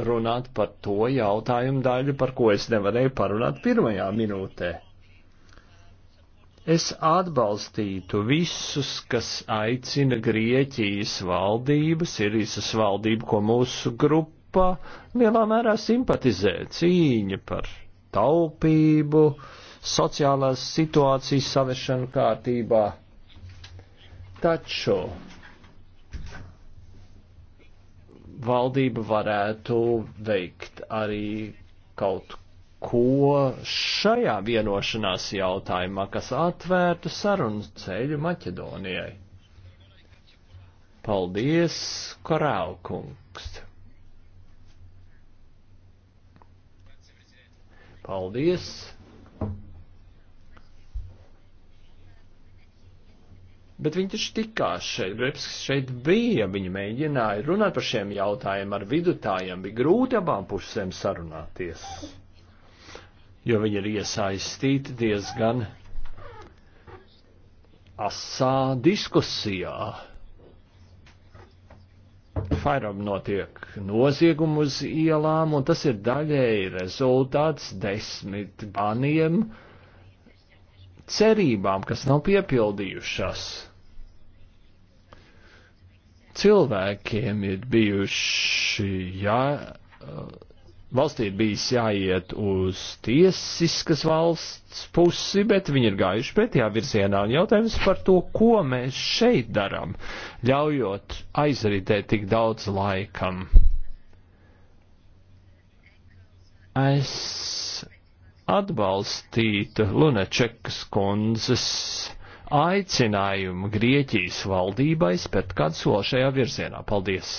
runāt par to jautājumu daļu, par ko es nevarēju parunāt pirmajā minūtē. Es atbalstītu visus, kas aicina Grieķijas valdību, Sirijas valdību, ko mūsu grupa lielā mērā simpatizē cīņa par taupību, sociālās situācijas savešanu kārtībā. Taču valdība varētu veikt arī kaut ko šajā vienošanās jautājumā, kas atvērtu sarunu ceļu Maķedonijai. Paldies, Korālkungs! Paldies! Bet viņi taču tikās šeit, Repskis šeit bija, viņi mēģināja runāt par šiem jautājumiem ar vidutājiem, bija grūti abām pusēm sarunāties, jo viņi ir iesaistīti diezgan asā diskusijā. Fairam notiek noziegumu uz ielām, un tas ir daļēji rezultāts desmit baniem cerībām, kas nav piepildījušās. Cilvēkiem ir bijuši jā. Ja, valstī bijis jāiet uz tiesiskas valsts pusi, bet viņi ir gājuši pretējā virzienā. Un jautājums par to, ko mēs šeit darām, ļaujot aizritēt tik daudz laikam. Es atbalstītu Lunačekas kundzes aicinājumu Grieķijas valdībai spērt kādu soli šajā virzienā. Paldies!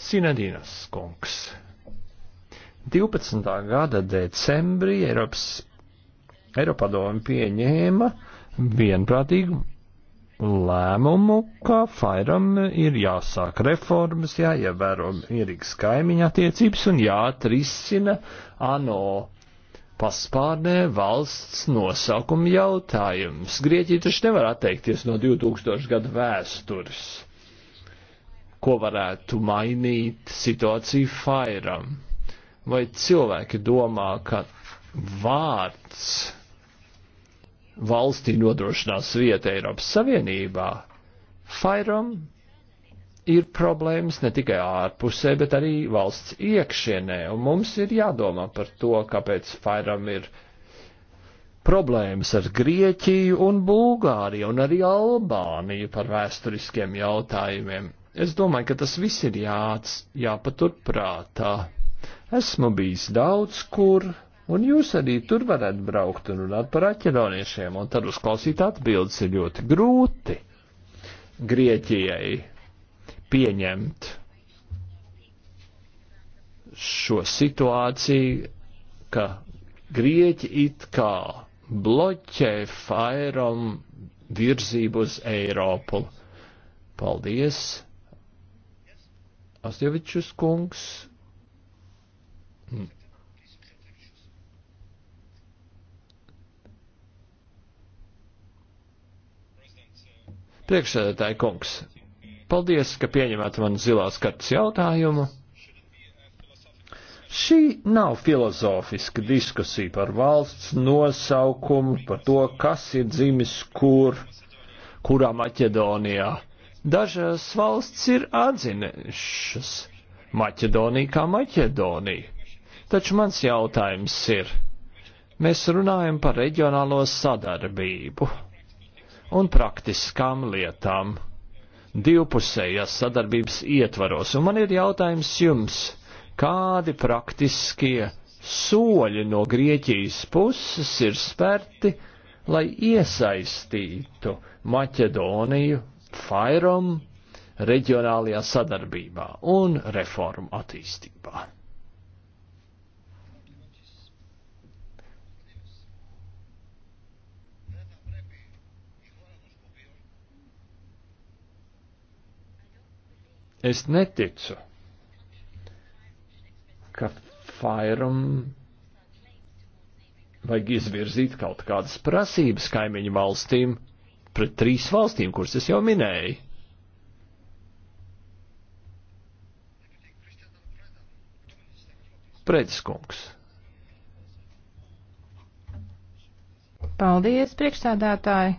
Sinadīnas kungs. 12. gada decembrī Eiropas Eiropadomi pieņēma vienprātīgu lēmumu, ka Fairam ir jāsāk reformas, jāievēro mierīgas kaimiņa attiecības un jāatrisina ANO paspārnē valsts nosaukuma jautājums. Grieķija taču nevar atteikties no 2000 gadu vēstures ko varētu mainīt situāciju Fairam. Vai cilvēki domā, ka vārds valstī nodrošinās vieta Eiropas Savienībā? Fairam ir problēmas ne tikai ārpusē, bet arī valsts iekšienē, un mums ir jādomā par to, kāpēc Fairam ir problēmas ar Grieķiju un Bulgāriju un arī Albāniju par vēsturiskiem jautājumiem. Es domāju, ka tas viss ir jāats, jāpatur prātā. Esmu bijis daudz kur, un jūs arī tur varētu braukt un runāt par aķeroniešiem, un tad uzklausīt atbildes ir ļoti grūti Grieķijai pieņemt šo situāciju, ka Grieķi it kā bloķē Fairam virzību uz Eiropu. Paldies! Astievičus kungs. Hmm. Priekšsēdētāji kungs, paldies, ka pieņemat man zilās kartas jautājumu. Šī nav filozofiska diskusija par valsts nosaukumu, par to, kas ir dzimis kur, kurā Maķedonijā. Dažas valsts ir atzinušas Maķedoniju kā Maķedoniju. Taču mans jautājums ir, mēs runājam par reģionālo sadarbību un praktiskām lietām divpusējās sadarbības ietvaros. Un man ir jautājums jums, kādi praktiskie soļi no Grieķijas puses ir spērti, lai iesaistītu Maķedoniju Fairom reģionālajā sadarbībā un reformu attīstībā. Es neticu, ka Fairam vajag izvirzīt kaut kādas prasības kaimiņu valstīm pret trīs valstīm, kuras es jau minēju. Prēdiskungs. Paldies, priekšsēdētāji.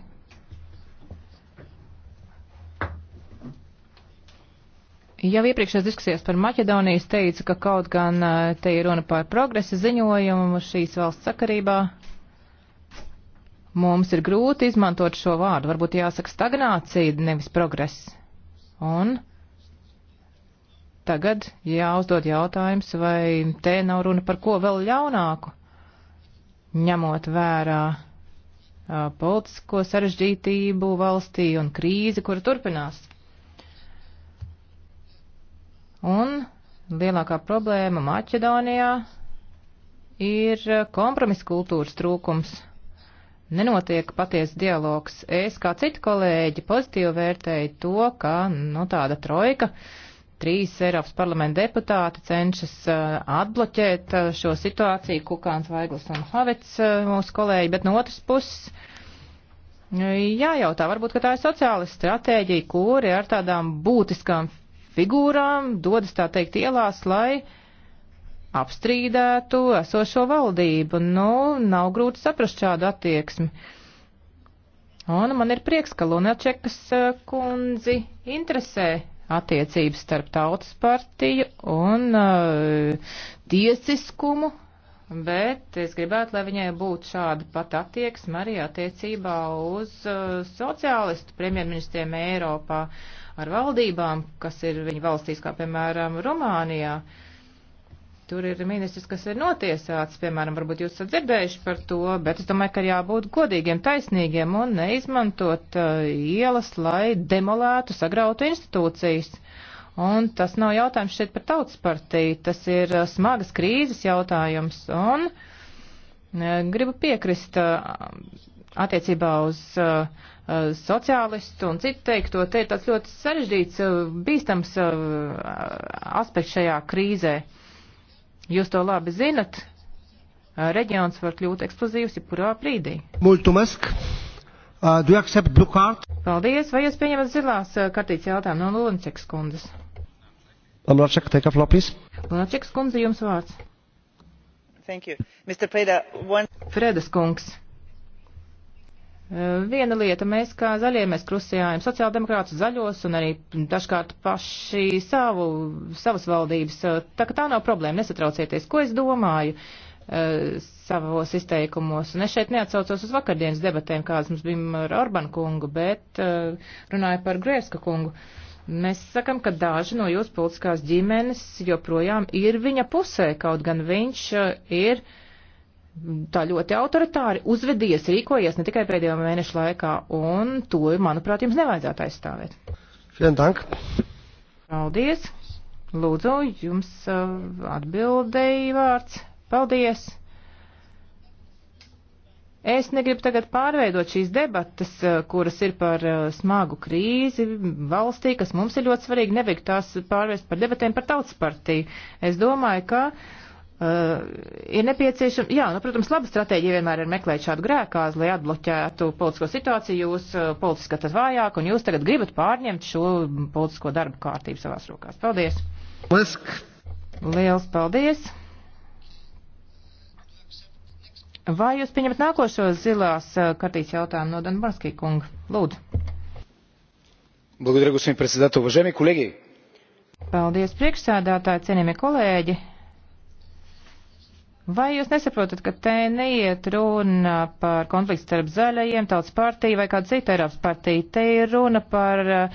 Jau iepriekšējās diskusijās par Maķedonijas teica, ka kaut gan eh, te ir runa par progresa ziņojumu šīs valsts sakarībā. Mums ir grūti izmantot šo vārdu, varbūt jāsaka stagnācija, nevis progress. Un tagad jāuzdod jautājums, vai te nav runa par ko vēl ļaunāku, ņemot vērā politisko sarežģītību valstī un krīzi, kura turpinās. Un lielākā problēma Maķedonijā ir kompromisa kultūras trūkums nenotiek paties dialogs. Es kā citi kolēģi pozitīvi vērtēju to, ka nu, tāda trojka trīs Eiropas parlamenta deputāti cenšas uh, atbloķēt uh, šo situāciju, Kukāns, Vaigls un Havets, uh, mūsu kolēģi, bet no otras puses jājautā, varbūt, ka tā ir sociāla stratēģija, kuri ar tādām būtiskām figūrām dodas, tā teikt, ielās, lai uh, apstrīdētu esošo valdību. Nu, nav grūti saprast šādu attieksmi. Un man ir prieks, ka Lunačekas e, kundzi interesē attiecības starp tautas partiju un uh, tiesiskumu, bet es gribētu, lai viņai būtu šāda pat attieksme arī attiecībā uz uh, sociālistu premjerministriem Eiropā ar valdībām, kas ir viņa valstīs, kā piemēram Rumānijā. Uh, tur ir ministrs, kas ir notiesāts, piemēram, varbūt jūs esat dzirdējuši par to, bet es domāju, ka jābūt godīgiem, taisnīgiem un neizmantot uh, ielas, lai demolētu, sagrautu institūcijas. Un tas nav jautājums šeit par tautas partiju, tas ir uh, smagas krīzes jautājums. Un uh, gribu piekrist uh, attiecībā uz uh, uh, sociālistu un citu teikto, te ir tāds ļoti sarežģīts, uh, bīstams uh, aspekts šajā krīzē. Uh, Jūs to labi zinat. Reģions var kļūt eksplozīvs jebkurā brīdī. Multumesk. Uh, do you accept blue card? Paldies. Vai jūs pieņemat zilās kartītes jautājumu no Lunačekas kundzes? Lunaček, take a flop, please. Lunačekas kundze, jums vārds. Thank you. Mr. Preda, one... Fredas kungs. Viena lieta, mēs kā zaļie, mēs krusējām sociāldemokrātus zaļos un arī dažkārt paši savu, savas valdības. Tā ka tā nav problēma, nesatraucieties, ko es domāju eh, savos izteikumos. Un es šeit neatsaucos uz vakardienas debatēm, kādas mums bija ar Orbanu kungu, bet eh, runāju par Grēska kungu. Mēs sakam, ka daži no jūsu politiskās ģimenes joprojām ir viņa pusē, kaut gan viņš eh, ir. Uh, tā ļoti autoritāri uzvedies, rīkojies ne tikai pēdējo mēnešu laikā, un to, manuprāt, jums nevajadzētu aizstāvēt. Vienu dank. Paldies. Lūdzu, jums uh, atbildēja vārds. Paldies. Es negribu tagad pārveidot šīs debatas, uh, kuras ir par uh, smagu krīzi valstī, kas mums ir ļoti svarīgi, nevajag tās pārvērst par debatēm par tautas partiju. Es domāju, ka uh, Uh, ir nepieciešama, jā, nu, protams, laba stratēģija vienmēr ir meklēt šādu grēkāzi, lai atbloķētu politisko situāciju, jūs uh, politiski esat vājāk, un jūs tagad gribat pārņemt šo politisko darbu kārtību savās rokās. Paldies! Lisk. Liels paldies! Vai jūs pieņemat nākošo zilās uh, eh, kartīts jautājumu no Danbarskī kunga? Lūdzu. Благодаря, господин председател. Уважаеми колеги. Paldies, priekšsādātāji, cienījamie kolēģi. Vai jūs nesaprotat, ka te neiet runa par konfliktu starp zaļajiem, tautas partiju vai kādu citu Eiropas partiju? Te ir runa par eh,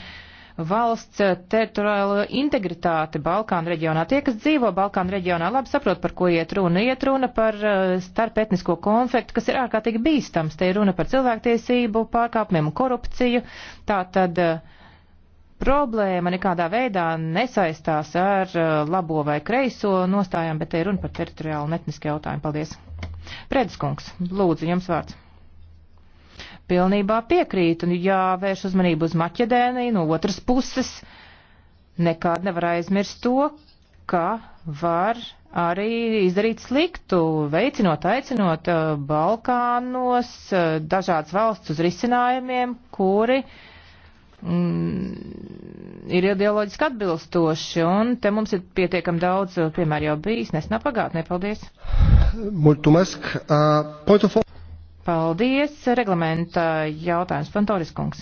valsts eh, teritoriālo integritāti Balkānu reģionā. Tie, kas dzīvo Balkānu reģionā, labi saprot, par ko iet runa. Iet runa par eh, starpetnisko konfliktu, kas ir ārkārtīgi bīstams. Te ir runa par cilvēktiesību pārkāpumiem un korupciju. Tātad. Uh, problēma nekādā veidā nesaistās ar uh, labo vai kreiso nostājām, bet te ir runa par teritoriālu un etnisku jautājumu. Paldies. Prēdiskungs, lūdzu, jums vārds. Pilnībā piekrītu, un jāvērš uzmanību uz Maķedēniju no otras puses. Nekād nevar aizmirst to, ka var arī izdarīt sliktu, veicinot, aicinot uh, Balkānos uh, dažādas valsts uz risinājumiem, kuri uh, mm, ir ideoloģiski atbilstoši, un te mums ir pietiekam daudz, eh, piemēram, jau bijis nesenā pagātnē. Paldies! Multumesk, uh, poitofo... Paldies! Reglamenta jautājums, Fantoris kungs.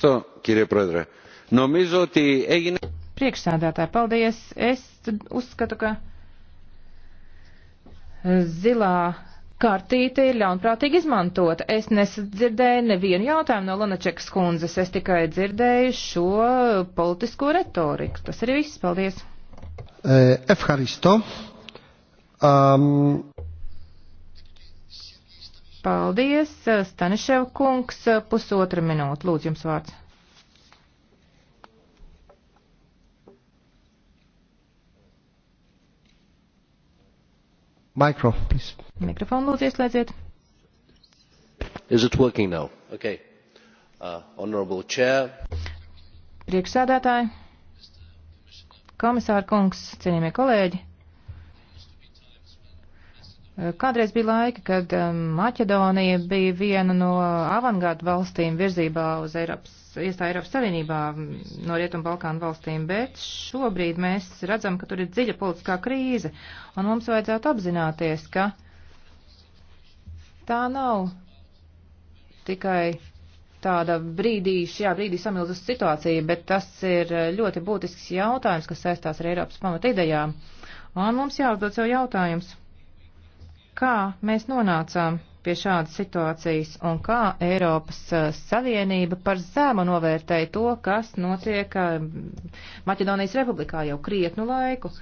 So, kirie prodre, nomizo, ti egin... Priekšsādātāji, paldies! Es uzskatu, ka zilā kartīte ir ļaunprātīgi izmantota. Es nesadzirdēju nevienu jautājumu no Lanačekas kundzes, es tikai dzirdēju šo politisko retoriku. Tas arī viss, paldies. Efharisto. Eh, um... Paldies, Stanišev kungs, pusotra minūte, lūdzu jums vārds. Micro, please. Mikrofonu lūdzu ieslēdziet. Is it working now? Okay. Uh, honorable Chair. Priekšsēdētāji, komisāra kungs, cienījamie kolēģi. Uh, kādreiz bija laiki, kad um, Maķedonija bija viena no avangarda valstīm virzībā uz Eiropas iestāja Eiropas Savienībā mm, no Rietumu Balkānu valstīm, bet šobrīd mēs redzam, ka tur ir dziļa politiskā krīze, un mums vajadzētu apzināties, ka tā nav tikai tāda brīdī, šajā brīdī samilzus situācija, bet tas ir ļoti būtisks jautājums, kas saistās ar Eiropas pamata idejām. Un mums jāuzdod sev jautājums, kā mēs nonācām pie šādas situācijas un kā Eiropas Savienība par zemu novērtēja to, kas notiek Maķedonijas republikā jau krietnu laiku.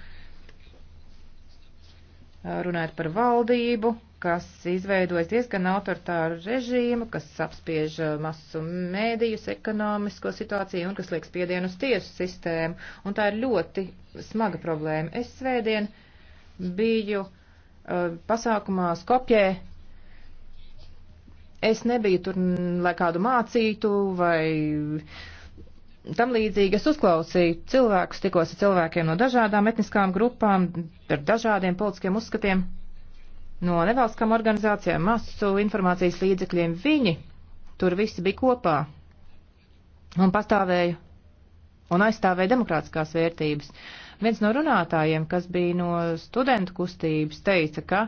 Runājot par valdību, kas izveidojas diezgan autoritāru režīmu, kas apspiež masu mēdījus, ekonomisko situāciju un kas liek spiedienu uz tiesu sistēmu. Un tā ir ļoti smaga problēma. Es svētdien biju uh, pasākumā Skopjē, Es nebiju tur, lai kādu mācītu vai tam līdzīgi. Es uzklausīju cilvēkus, tikos ar cilvēkiem no dažādām etniskām grupām, ar dažādiem politiskiem uzskatiem, no nevalstiskām organizācijām, masu informācijas līdzekļiem. Viņi tur visi bija kopā un pastāvēja un aizstāvēja demokrātiskās vērtības. Viens no runātājiem, kas bija no studentu kustības, teica, ka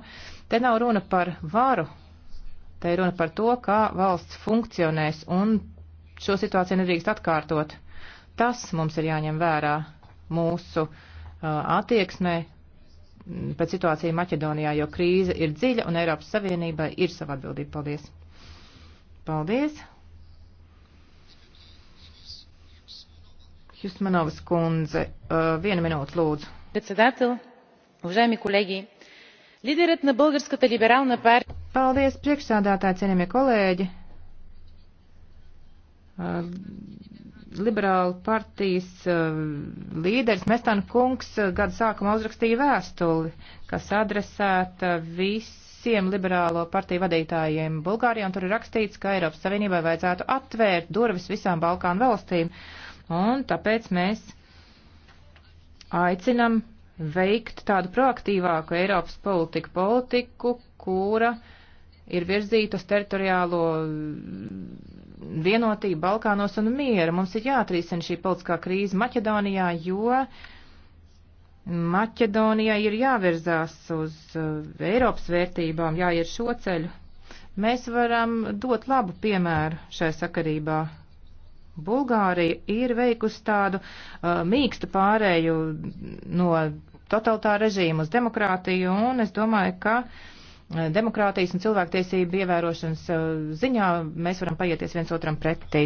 te nav runa par varu, Te ir runa par to, kā valsts funkcionēs, un šo situāciju nedrīkst atkārtot. Tas mums ir jāņem vērā mūsu uh, attieksmē pret situāciju Maķedonijā, jo krīze ir dziļa un Eiropas Savienībai ir sava atbildība. Paldies! Paldies! Jusmanovas kundze, uh, viena minūte lūdzu. Председател, уважаеми колеги, лидерът на Българската либерална партия Paldies, priekšsādātāji, cienījamie kolēģi. Liberāla partijas līderis Mestan Kungs gada sākumā uzrakstīja vēstuli, kas adresēta visiem liberālo partiju vadītājiem Bulgārijā, un tur ir rakstīts, ka Eiropas Savienībai vajadzētu atvērt durvis visām Balkānu valstīm, un tāpēc mēs aicinam veikt tādu proaktīvāku Eiropas politiku, politiku, kura uh, ir virzīta uz teritoriālo vienotību Balkānos un mieru. Mums ir jāatrisina šī politiskā krīze Maķedonijā, jo Maķedonijai ir jāvirzās uz uh, Eiropas vērtībām, jāiet šo ceļu. Mēs varam dot labu piemēru šai sakarībā. Bulgārija ir veikusi tādu uh, mīkstu pārēju no totalitāra režīma uz demokrātiju, un es domāju, ka uh, demokrātijas un cilvēktiesību ievērošanas uh, ziņā mēs varam paieties viens otram pretī.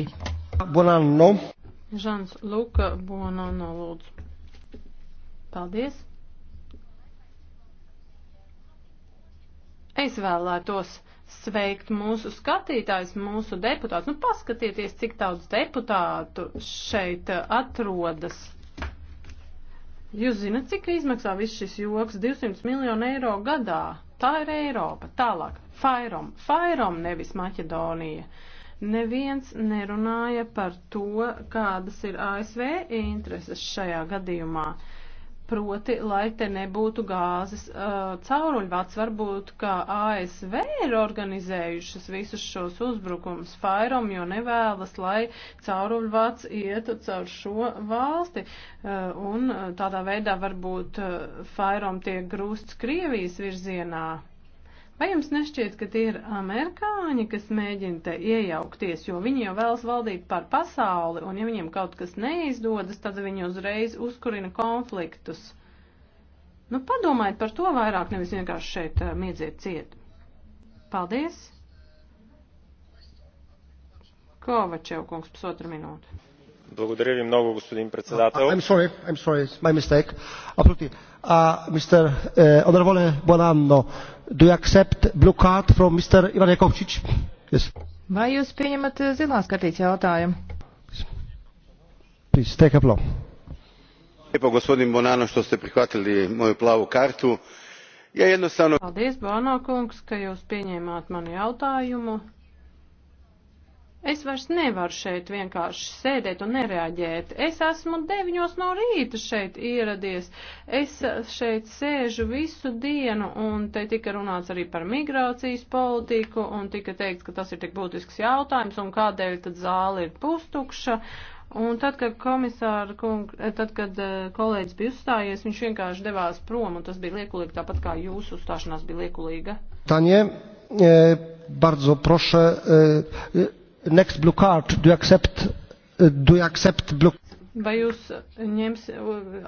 Bonanno. Žans Luka Bonanno lūdzu. Paldies. Es vēlētos sveikt mūsu skatītājus, mūsu deputātus. Nu, paskatieties, cik daudz deputātu šeit uh, atrodas. Jūs zinat, cik izmaksā viss šis joks? 200 miljonu eiro gadā. Tā ir Eiropa. Tālāk. Fairom. Fairom nevis Maķedonija. Neviens nerunāja par to, kādas ir ASV intereses šajā gadījumā. Uh, Proti, lai te nebūtu gāzes uh, cauruļvāts, varbūt, ka ASV ir organizējušas visus šos uzbrukums Fairom, jo nevēlas, lai cauruļvāts ietu caur šo valsti. Uh, un uh, tādā veidā varbūt uh, Fairom tiek grūsts Krievijas virzienā. Vai jums nešķiet, ka tie ir amerikāņi, kas mēģina te iejaukties, jo viņi jau vēlas valdīt par pasauli, un ja viņiem kaut kas neizdodas, tad viņi uzreiz uzkurina konfliktus? Nu, padomājiet par to vairāk, nevis vienkārši šeit uh, miedziet ciet. Paldies! Kovačev kungs, pusotra minūte. Благодаря ви много, господин председател. I'm sorry, I'm sorry, it's my mistake. Absolutely. Uh, Mr. Uh, Honorable Buonanno, do you accept blue card from Mr. Ivan Jakovčić? Yes. Vai jūs pieņemat uh, zilās kartītes jautājumu? Please, take a blow. Lijepo gospodin Bonano što ste prihvatili moju plavu kartu. Ja jednostavno... Paldies, Bono kungs, ka jūs pieņēmāt manu jautājumu. Es vairs nevaru šeit vienkārši sēdēt un nereaģēt. Es esmu deviņos no rīta šeit ieradies. Es šeit sēžu visu dienu un te tika runāts arī par migrācijas politiku un tika teikts, ka tas ir tik būtisks jautājums un kādēļ tad zāle ir pustukša. Un tad, kad komisāra, kung, eh, tad, kad eh, kolēģis bija uzstājies, viņš vienkārši devās prom, un tas bija liekulīgi, tāpat kā jūsu uzstāšanās bija liekulīga. Tanie, e, bardzo proszę. E, e next blue card. Do you accept, uh, do you accept blue? Vai jūs ņems,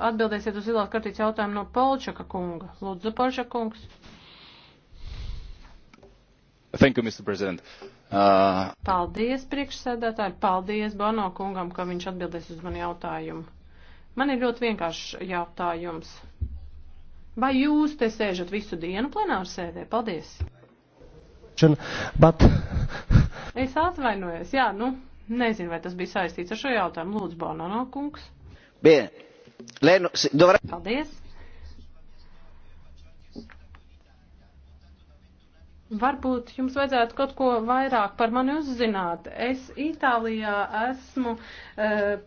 atbildēsiet uz zilās kartītes jautājumu no Polčaka kunga? Lūdzu, Polčaka kungs. Thank you, Mr. President. Uh... Paldies, priekšsēdētāji. Paldies Bono kungam, ka viņš atbildēs uz manu jautājumu. Man ir ļoti vienkāršs jautājums. Vai jūs te sēžat visu dienu plenāru sēdē? Paldies. But Es atvainojos, jā, nu, nezinu, vai tas bija saistīts ar šo jautājumu. Lūdzu, Bonano kungs. Bien. Lēnu, dovrā... Paldies. Varbūt jums vajadzētu kaut ko vairāk par mani uzzināt. Es Itālijā esmu uh,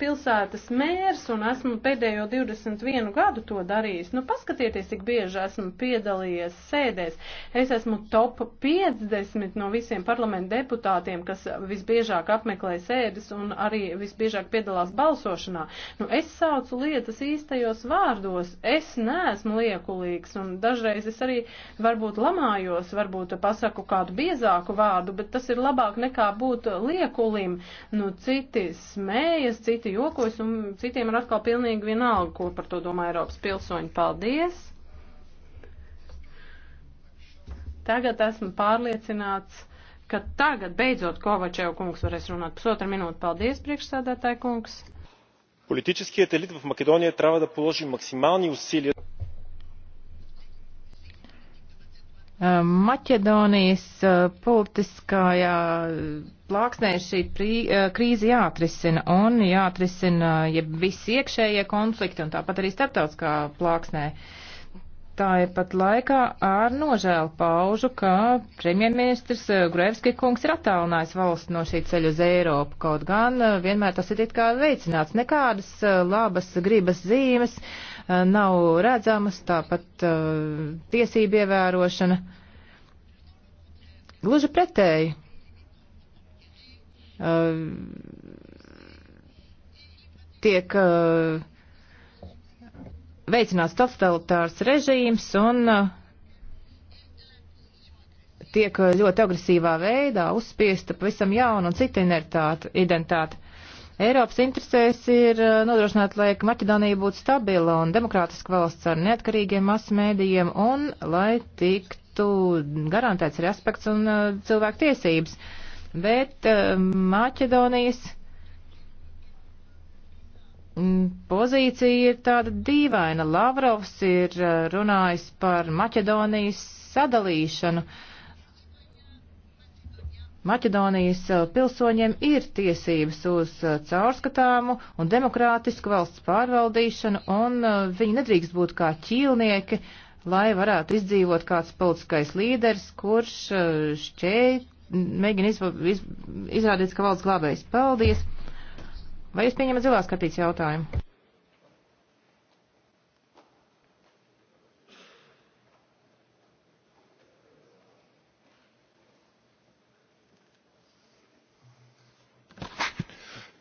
pilsētas mērs un esmu pēdējo 21 gadu to darījis. Nu, paskatieties, cik bieži esmu piedalījies sēdēs. Es esmu top 50 no visiem parlamentu deputātiem, kas visbiežāk apmeklē sēdes un arī visbiežāk piedalās balsošanā. Nu, es saucu lietas īstajos vārdos. Es neesmu liekulīgs un dažreiz es arī varbūt lamājos, varbūt paskatījos pasaku kādu biezāku vārdu, bet tas ir labāk nekā būt liekulim. Nu, citi smējas, citi jokojas, un citiem ir atkal pilnīgi vienalga, ko par to domā Eiropas pilsoņi. Paldies! Tagad esmu pārliecināts, ka tagad beidzot Kovačev kungs varēs runāt pusotru minūtu. Paldies, priekšsēdētāji kungs! Политическият елит в Македония трябва да положи максимални усилия. Eh, Maķedonijas eh, politiskajā plāksnē šī prī, eh, krīze jāatrisina un jāatrisina ja visi iekšējie konflikti un tāpat arī starptautiskā plāksnē. Tāpat laikā ar nožēlu paužu, ka premjerministrs Grevski kungs ir attālinājis valsts no šī ceļa uz Eiropu, kaut gan vienmēr tas ir it kā veicināts. Nekādas labas gribas zīmes. Uh, Eh, nav redzamas, tāpat eh, tiesība ievērošana. Gluži pretēji. Eh, tiek veicināts totalitārs režīms un tiek ļoti agresīvā veidā uzspiesta pavisam jauna un cita identitāte. Eiropas interesēs ir uh, nodrošināt, lai Maķedonija būtu stabila un demokrātiska valsts ar neatkarīgiem masmēdījiem un lai tiktu garantēts arī aspekts un uh, cilvēku tiesības. Bet uh, Maķedonijas mm, pozīcija ir tāda dīvaina. Lavrovs ir uh, runājis par Maķedonijas sadalīšanu. Uh, Maķedonijas eh, pilsoņiem ir tiesības uz eh, caurskatāmu un demokrātisku valsts pārvaldīšanu, un eh, viņi nedrīkst būt kā ķīlnieki, lai varētu izdzīvot kāds politiskais līderis, kurš šķiet mēģina iz, iz, izrādīt, ka valsts glābējs. Paldies! Vai jūs pieņemat zilās kartītes jautājumu?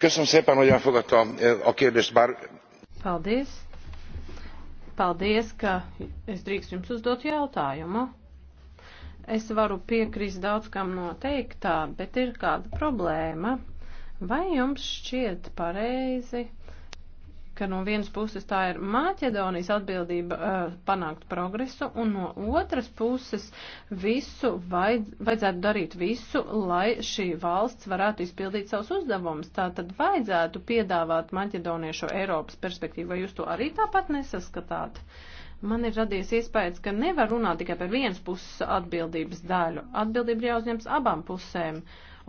Köszönöm szépen, hogy elfogadta eh, a kérdést, bár... Paldies. Paldies, ka es drīkst jums uzdot jautājumu. Es varu piekrist daudz kam noteiktā, bet ir kāda problēma. Vai jums šķiet pareizi, ka no vienas puses tā ir Maķedonijas atbildība uh, panākt progresu, un no otras puses visu vajadz, vajadzētu darīt visu, lai šī valsts varētu izpildīt savus uzdevumus. Tā tad vajadzētu piedāvāt Maķedoniešu Eiropas perspektīvu, vai jūs to arī tāpat nesaskatāt? man ir radies iespējas, ka nevar runāt tikai par vienas puses atbildības daļu. Atbildība ir jāuzņems abām pusēm,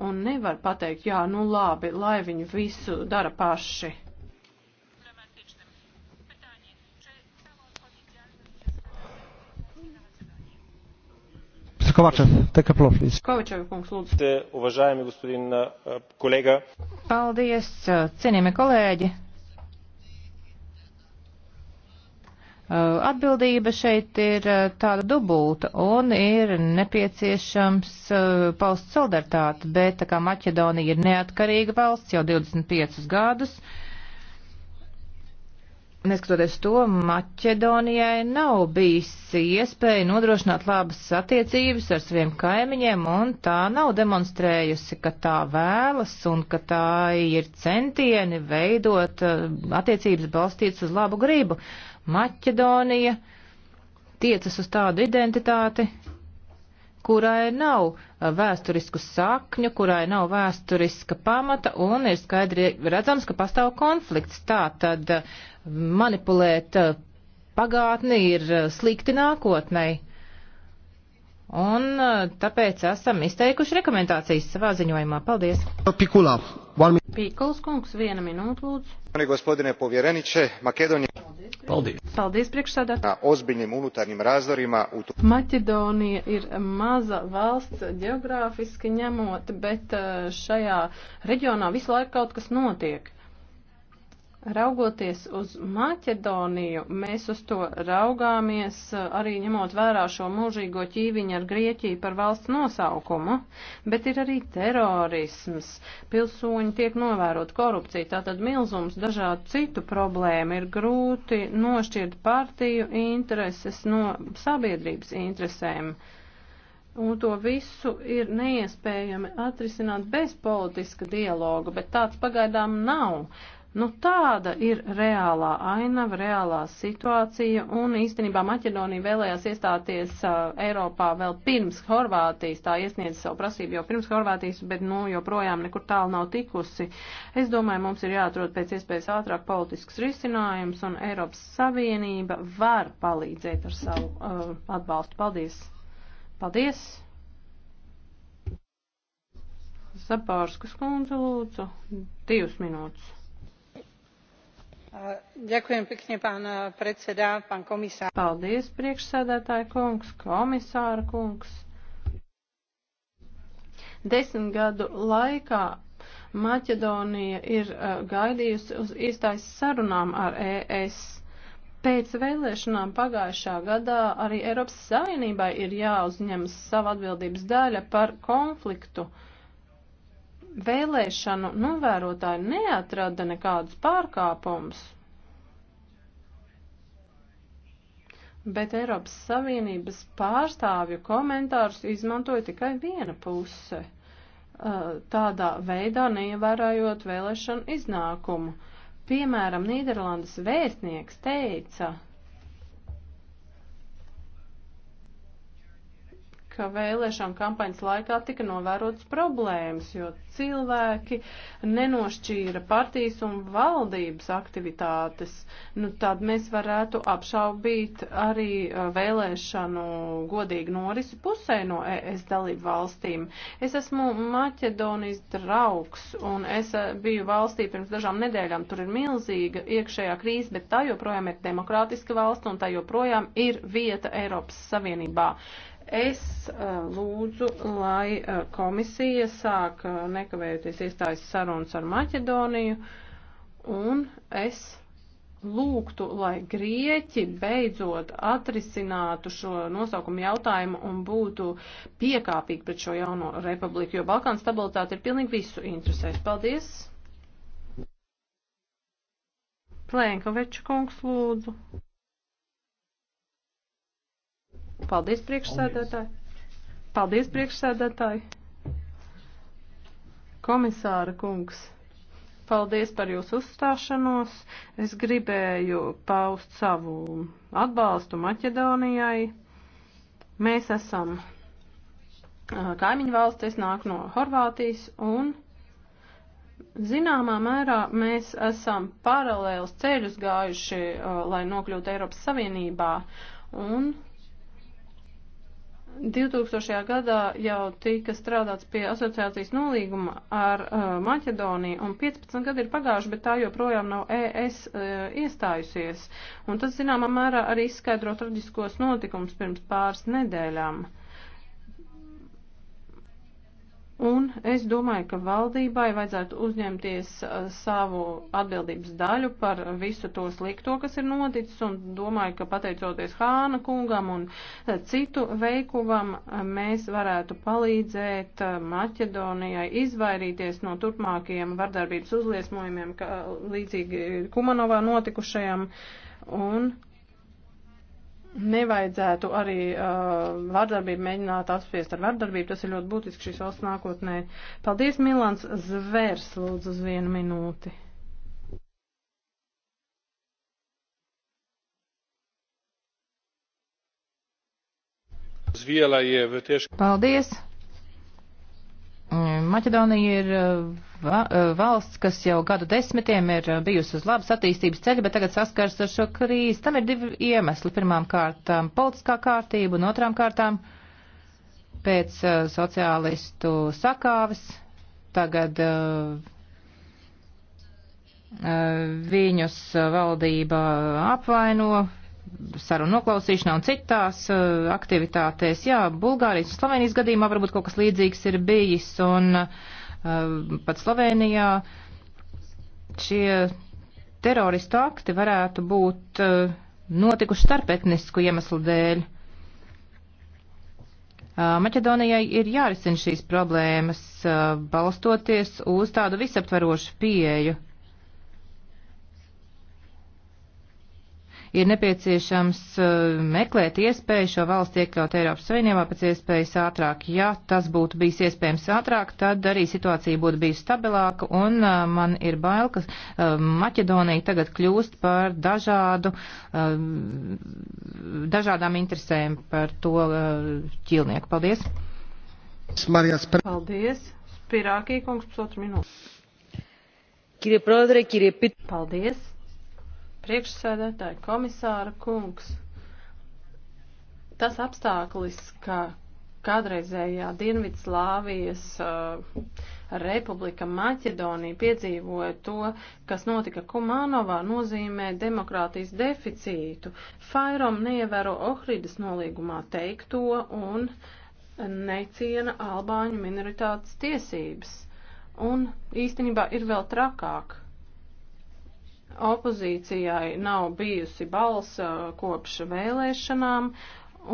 un nevar pateikt, jā, nu labi, lai viņi visu dara paši. Mr. Kovačev, take a floor, please. Kovačev, kungs, lūdzu. Uvažājami, gospodin kolega. Paldies, cienījami kolēģi. Atbildība šeit ir tāda dubulta un ir nepieciešams paust solidaritāti, bet tā kā Maķedonija ir neatkarīga valsts jau 25 gadus, uh, neskatoties to, Maķedonijai nav bijis iespēja nodrošināt labas attiecības ar saviem kaimiņiem, un tā nav demonstrējusi, ka tā vēlas un ka tā ir centieni veidot eh, attiecības balstītas uz labu gribu. Maķedonija tiecas uz tādu identitāti, kurai nav uh, vēsturisku sakņu, kurai nav vēsturiska pamata un ir skaidri redzams, ka pastāv konflikts. Tā tad uh, manipulēt uh, pagātni ir slikti nākotnei. Un tāpēc esam izteikuši rekomendācijas savā ziņojumā. Paldies! Pikulā. Pīkals kungs, viena minūte, lūdzu. Paldies. Paldies, priekšsēdētāji. Maķedonija ir maza valsts geogrāfiski ņemot, bet eh, šajā reģionā visu laiku kaut kas notiek. Raugoties uz Maķedoniju, mēs uz to raugāmies eh, arī ņemot vērā šo mūžīgo ķīviņu ar Grieķiju par valsts nosaukumu, bet ir arī terorisms, pilsoņi tiek novērot korupcija, tātad milzums dažādu citu problēmu ir grūti nošķirt partiju intereses no sabiedrības interesēm. Un to visu ir neiespējami atrisināt bez politiska dialoga, bet tāds pagaidām nav Nu, tāda ir reālā ainava, reālā situācija, un īstenībā Maķedonija vēlējās iestāties uh, Eiropā vēl pirms Horvātijas, tā iesniedz savu prasību jau pirms Horvātijas, bet, nu, joprojām nekur tālu nav tikusi. Es domāju, mums ir jāatrod pēc iespējas ātrāk politisks risinājums, un Eiropas Savienība var palīdzēt ar savu uh, atbalstu. Paldies! Paldies! Zapārskas kundze lūdzu, divas minūtes. Paldies, priekšsēdētāja kungs, komisāra kungs. Desmit gadu laikā Maķedonija ir uh, gaidījusi uz īstais sarunām ar ES. Pēc vēlēšanām pagājušā gadā arī Eiropas Savienībai ir jāuzņemas sava atbildības daļa par konfliktu. Uh, vēlēšanu novērotāji neatrada nekādus pārkāpumus. Bet Eiropas Savienības pārstāvju komentārus izmantoja tikai viena puse, uh, tādā veidā neievērojot vēlēšanu iznākumu. Piemēram, Nīderlandes vēstnieks teica, ka vēlēšana kampaņas laikā tika novērotas problēmas, jo cilvēki nenošķīra partijas un valdības aktivitātes. Nu, tad mēs varētu apšaubīt arī uh, vēlēšanu godīgu norisi pusē no ES dalību valstīm. Es esmu Maķedonijas draugs un es uh, biju valstī pirms dažām nedēļām. Tur ir milzīga iekšējā krīze, bet tā joprojām ir demokrātiska valsts un tā joprojām ir vieta Eiropas Savienībā. Es uh, lūdzu, lai uh, komisija sāk uh, nekavējoties iestājas sarunas ar Maķedoniju, un es lūgtu, lai Grieķi beidzot atrisinātu šo nosaukumu jautājumu un būtu piekāpīgi pret šo jauno republiku, jo Balkāna stabilitāte ir pilnīgi visu interesēs. Paldies! Plēnkoveča kungs lūdzu. Paldies, priekšsēdētāji. Paldies, priekšsēdētāji. Komisāra kungs, paldies par jūsu uzstāšanos. Es gribēju paust savu atbalstu Maķedonijai. Mēs esam kaimiņu valsts, es nāku no Horvātijas un zināmā mērā mēs esam paralēls ceļus gājuši, lai nokļūtu Eiropas Savienībā. Un 2000. gadā jau tika strādāts pie asociācijas nolīguma ar uh, Maķedoniju, un 15 gadi ir pagājuši, bet tā joprojām nav ES uh, iestājusies. Un tas, zināmā mērā, arī izskaidro traģiskos notikums pirms pāris nedēļām. Uh, Un es domāju, ka valdībai vajadzētu uzņemties uh, savu atbildības daļu par visu to slikto, kas ir noticis, un domāju, ka pateicoties Hāna kungam un uh, citu veikuvam, uh, mēs varētu palīdzēt Maķedonijai izvairīties no turpmākajiem vardarbības uzliesmojumiem, kā līdzīgi Kumanovā notikušajam, un nevajadzētu arī uh, vardarbību mēģināt apspiest ar vardarbību. Tas ir ļoti būtiski šīs valsts nākotnē. Paldies, Milans Zvērs, lūdzu, uz vienu minūti. Paldies! Mm, Maķedonija ir uh, va, uh, valsts, kas jau gadu desmitiem ir uh, bijusi uz labas attīstības ceļa, bet tagad saskars ar šo krīzi. Tam ir divi iemesli. Pirmām kārtām politiskā kārtība un otrām kārtām pēc uh, sociālistu sakāves. Tagad uh, uh, viņus valdība apvaino sarunu noklausīšanā un citās uh, aktivitātēs. Jā, Bulgārijas un Slovenijas gadījumā varbūt kaut kas līdzīgs ir bijis, un uh, pat Slovenijā šie teroristu akti varētu būt uh, notikuši starpetnisku iemeslu dēļ. Maķedonijai ir jārisina šīs problēmas, balstoties uz tādu visaptverošu pieeju. ir nepieciešams eh, meklēt iespēju šo valsti iekļaut Eiropas Savienībā pēc iespējas ātrāk. Ja tas būtu bijis iespējams ātrāk, tad arī situācija būtu bijusi stabilāka, un eh, man ir bail, ka eh, Maķedonija tagad kļūst par dažādu, dažādām interesēm par to ķilnieku. Paldies! Paldies! Spirākī kungs, pusotru minūtu. Paldies! priekšsēdētāji, komisāra kungs. Tas apstāklis, ka kādreizējā Dienvidslāvijas uh, republika Maķedonija piedzīvoja to, kas notika Kumanovā, nozīmē demokrātijas deficītu. Fairom neievēro Ohridas nolīgumā teikto un neciena albāņu minoritātes tiesības. Un īstenībā ir vēl trakāk Opozīcijai nav bijusi balsa kopš vēlēšanām,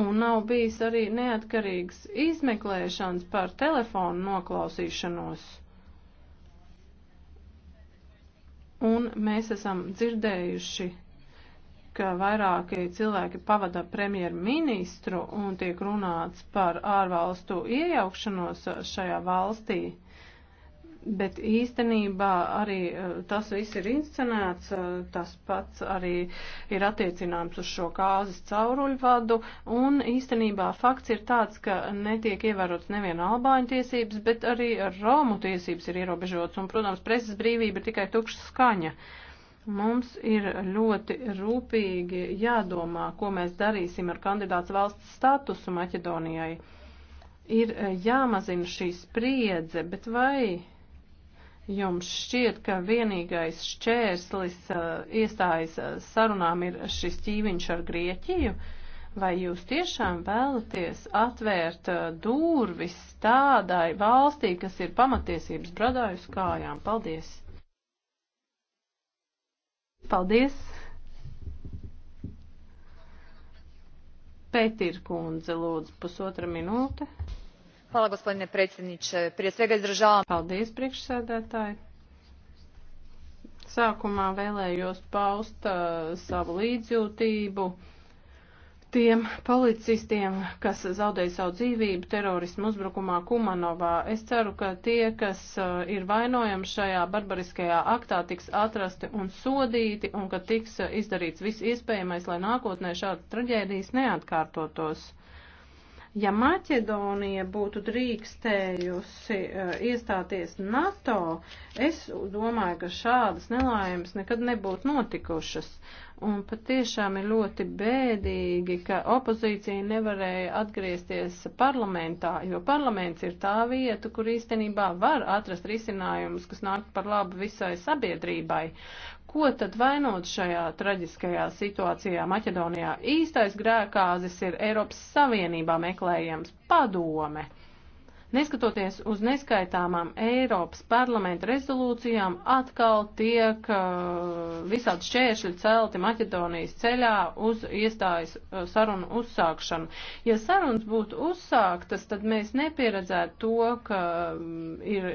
un nav bijis arī neatkarīgas izmeklēšanas par telefonu noklausīšanos. Un mēs esam dzirdējuši, ka vairāki cilvēki pavada premjerministru un tiek runāts par ārvalstu iejaukšanos šajā valstī. Bet īstenībā arī eh, tas viss ir inscenēts, eh, tas pats arī ir attiecināms uz šo kāzes cauruļvadu, un īstenībā fakts ir tāds, ka netiek ievērots neviena albāņu tiesības, bet arī romu tiesības ir ierobežotas, un, protams, preses brīvība ir tikai tukša skaņa. Mums ir ļoti rūpīgi jādomā, ko mēs darīsim ar kandidāts valsts statusu Maķedonijai. Ir eh, jāmazina šī spriedze, bet vai Jums šķiet, ka vienīgais šķērslis uh, iestājas uh, sarunām ir šis ķīviņš ar Grieķiju? Vai jūs tiešām vēlaties atvērt uh, durvis tādai valstī, kas ir pamatiesības bradājusi kājām? Paldies! Paldies! Pētīr kundze, lūdzu, pusotra minūte. Hvala, gospodine predsjedniče. Prije svega izražavam. Paldies, priekšsēdētāji. Sākumā vēlējos paust uh, savu līdzjūtību tiem policistiem, kas zaudēja savu dzīvību terorismu uzbrukumā Kumanovā. Es ceru, ka tie, kas uh, ir vainojami šajā barbariskajā aktā, tiks atrasti un sodīti, un ka tiks uh, izdarīts viss iespējamais, lai nākotnē šādas traģēdijas neatkārtotos. Ja Maķedonija būtu drīkstējusi uh, iestāties NATO, es domāju, ka šādas nelaimes nekad nebūtu notikušas. Un patiešām ir ļoti bēdīgi, ka opozīcija nevarēja atgriezties parlamentā, jo parlaments ir tā vieta, kur īstenībā var atrast risinājumus, kas nāk par labu visai sabiedrībai ko tad vainot šajā traģiskajā situācijā Maķedonijā? Īstais grēkāzis ir Eiropas Savienībā meklējams padome. Neskatoties uz neskaitāmām Eiropas parlamenta rezolūcijām, atkal tiek uh, visādi šķēršļi celti Maķedonijas ceļā uz iestājas uh, sarunu uzsākšanu. Ja sarunas būtu uzsāktas, tad mēs nepieredzētu to, ka mm, ir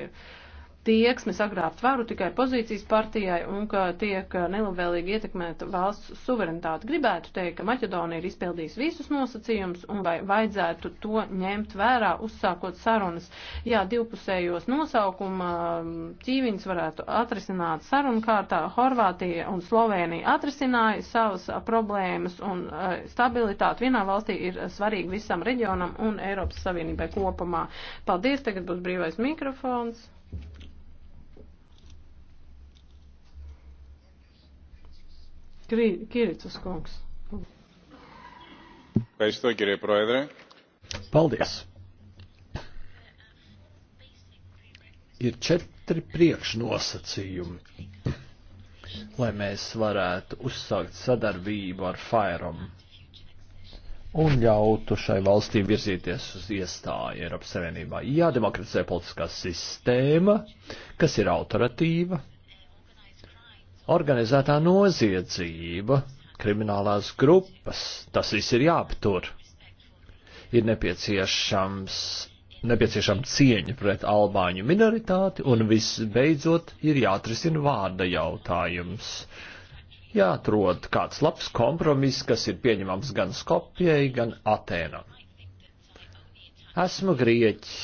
tieksme sagrābt varu tikai pozīcijas partijai un ka tiek nelabvēlīgi ietekmēta valsts suverenitāte. Gribētu teikt, ka Maķedonija ir izpildījusi visus nosacījumus un vai vajadzētu to ņemt vērā, uzsākot sarunas. Jā, divpusējos nosaukuma ķīviņas varētu atrisināt sarunu kārtā. Horvātija un Slovēnija atrisināja savas problēmas un e, stabilitāte vienā valstī ir svarīga visam reģionam un Eiropas Savienībai kopumā. Paldies, tagad būs brīvais mikrofons. Kiricus kungs. Pēc to, kirie proedre. Paldies. Ir četri priekšnosacījumi, lai mēs varētu uzsākt sadarbību ar Fairam un ļautu šai valstī virzīties uz iestāju Eiropas Savienībā. Jādemokratizē politiskā sistēma, kas ir autoratīva, organizētā noziedzība, kriminālās grupas, tas viss ir jāaptur. Ir nepieciešams, nepieciešama cieņa pret albāņu minoritāti un visbeidzot ir jāatrisina vārda jautājums. Jāatrod kāds labs kompromiss, kas ir pieņemams gan Skopjai, gan Atēnam. Esmu grieķis.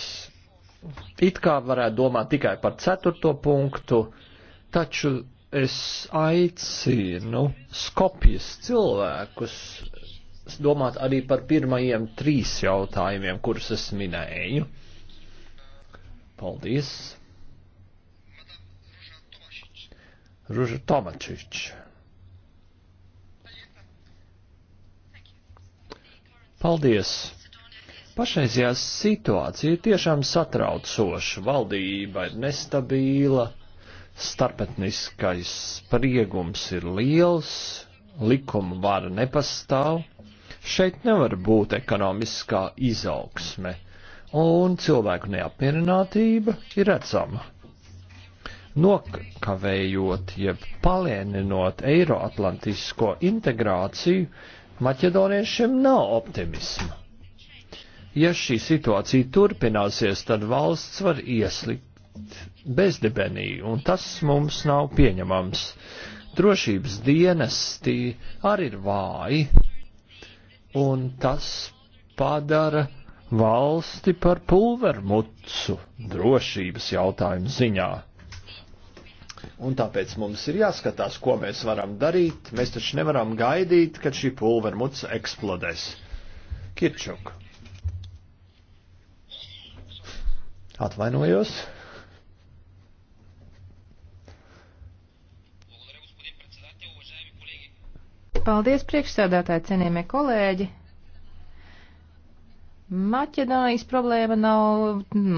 It kā varētu domāt tikai par ceturto punktu, taču es aicinu Skopjas cilvēkus domāt arī par pirmajiem trīs jautājumiem, kurus es minēju. Paldies. Ruža Tomačič. Paldies. Pašreizējā situācija tiešām satraucoša. Valdība ir nestabīla starpetniskais spriegums ir liels, likuma vara nepastāv, šeit nevar būt ekonomiskā izaugsme, un cilvēku neapmierinātība ir redzama. Nokavējot, jeb palēninot eiroatlantisko integrāciju, maķedoniešiem nav optimisma. Ja šī situācija turpināsies, tad valsts var ieslikt bezdibenī, un tas mums nav pieņemams. Drošības dienesti arī ir vāji, un tas padara valsti par pulvermucu drošības jautājumu ziņā. Un tāpēc mums ir jāskatās, ko mēs varam darīt. Mēs taču nevaram gaidīt, kad šī pulvermuca eksplodēs. Kirčuk. Atvainojos. Paldies, priekšsēdētāji, cienījamie kolēģi. Maķedonijas problēma nav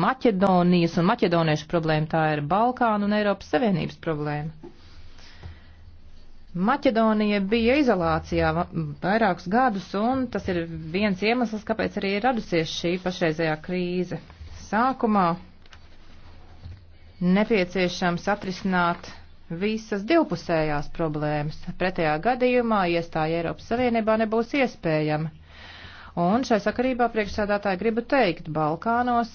Maķedonijas un maķedoniešu problēma, tā ir Balkānu un Eiropas Savienības problēma. Maķedonija bija izolācijā vairākus gadus, un tas ir viens iemesls, kāpēc arī ir radusies šī pašreizējā krīze. Sākumā nepieciešams atrisināt visas divpusējās problēmas. Pretējā gadījumā iestāja Eiropas Savienībā nebūs iespējama. Un šai sakarībā priekšsēdātāji gribu teikt, Balkānos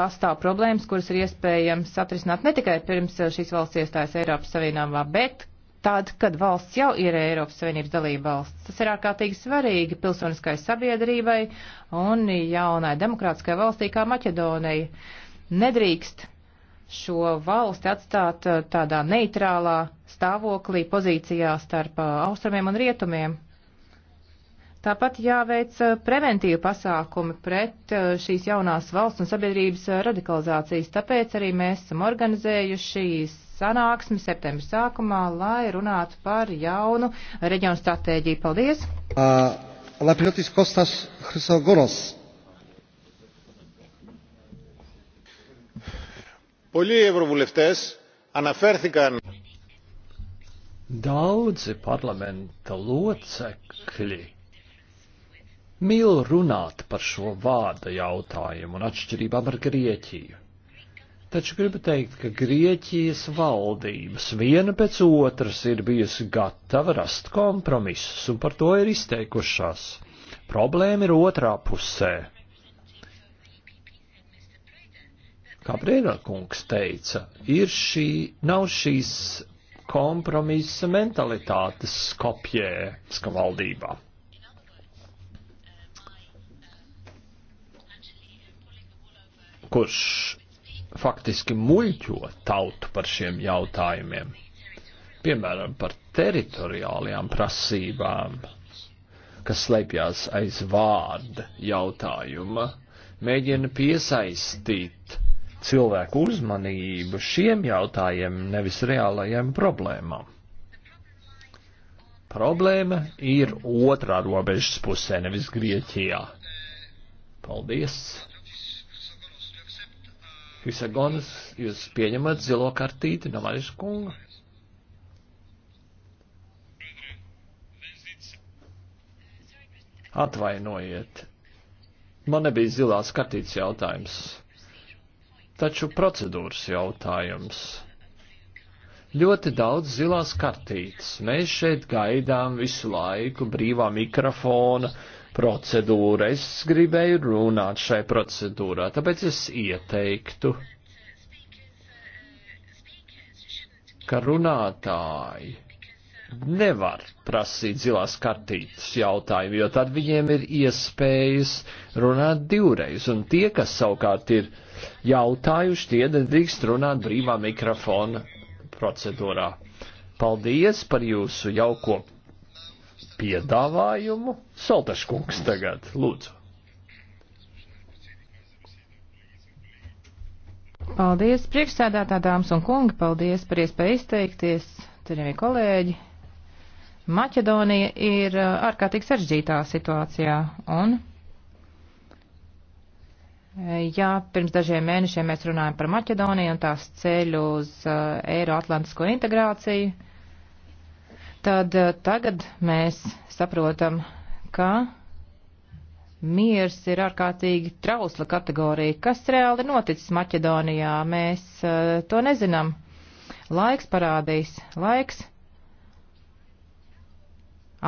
pastāv problēmas, kuras ir iespējams atrisināt ne tikai pirms šīs valsts iestājas Eiropas Savienībā, bet tad, kad valsts jau ir Eiropas Savienības dalība valsts. Tas ir ārkārtīgi svarīgi pilsoniskai sabiedrībai un jaunai demokrātiskai valstī kā Maķedonija. Nedrīkst šo valsti atstāt eh, tādā neitrālā stāvoklī pozīcijā starp eh, austrumiem un rietumiem. Tāpat jāveic eh, preventīva pasākumi pret šīs jaunās valsts un sabiedrības radikalizācijas. Tāpēc arī mēs esam organizējuši sanāksmi septembra sākumā, lai runātu par jaunu reģionu stratēģiju. Paldies! Uh, Lapilotis Kostas Hrisogoros. Πολλοί ευρωβουλευτές αναφέρθηκαν Daudzi parlamenta locekļi mīl runāt par šo vārda jautājumu un atšķirībām ar Grieķiju. Taču gribu teikt, ka Grieķijas valdības viena pēc otras ir bijusi gatava rast kompromisus un par to ir izteikušās. Problēma ir otrā pusē Kā Brēnā kungs teica, ir šī, nav šīs kompromisa mentalitātes skopjē, ska valdībā. Kurš faktiski muļķo tautu par šiem jautājumiem, piemēram, par teritoriālajām prasībām, kas slēpjas aiz vārda jautājuma, mēģina piesaistīt cilvēku uzmanību šiem jautājiem, nevis reālajiem problēmām. Problēma ir otrā robežas pusē, nevis Grieķijā. Paldies! Hisagonas, jūs pieņemat zilo kartīti no Marijas kunga? Atvainojiet, man nebija zilās kartītes jautājums. Taču procedūras jautājums. Ļoti daudz zilās kartītes. Mēs šeit gaidām visu laiku brīvā mikrofona procedūra. Es gribēju runāt šai procedūrā, tāpēc es ieteiktu, ka runātāji nevar prasīt zilās kartītes jautājumu, jo tad viņiem ir iespējas runāt divreiz, un tie, kas savukārt ir jautājuši, tie nedrīkst runāt brīvā mikrofona procedūrā. Paldies par jūsu jauko piedāvājumu. Soltaškungs tagad, lūdzu. Paldies, priekšsēdētā dāmas un kungi, paldies par iespēju izteikties, cerīgi kolēģi, Maķedonija ir uh, ārkārtīgi sarežģītā situācijā un, uh, ja pirms dažiem mēnešiem mēs runājam par Maķedoniju un tās ceļu uz uh, Eiroatlantisko integrāciju, tad tagad mēs saprotam, ka miers ir ārkārtīgi trausla kategorija. Kas reāli noticis Maķedonijā, mēs to nezinām. Laiks parādīs, laiks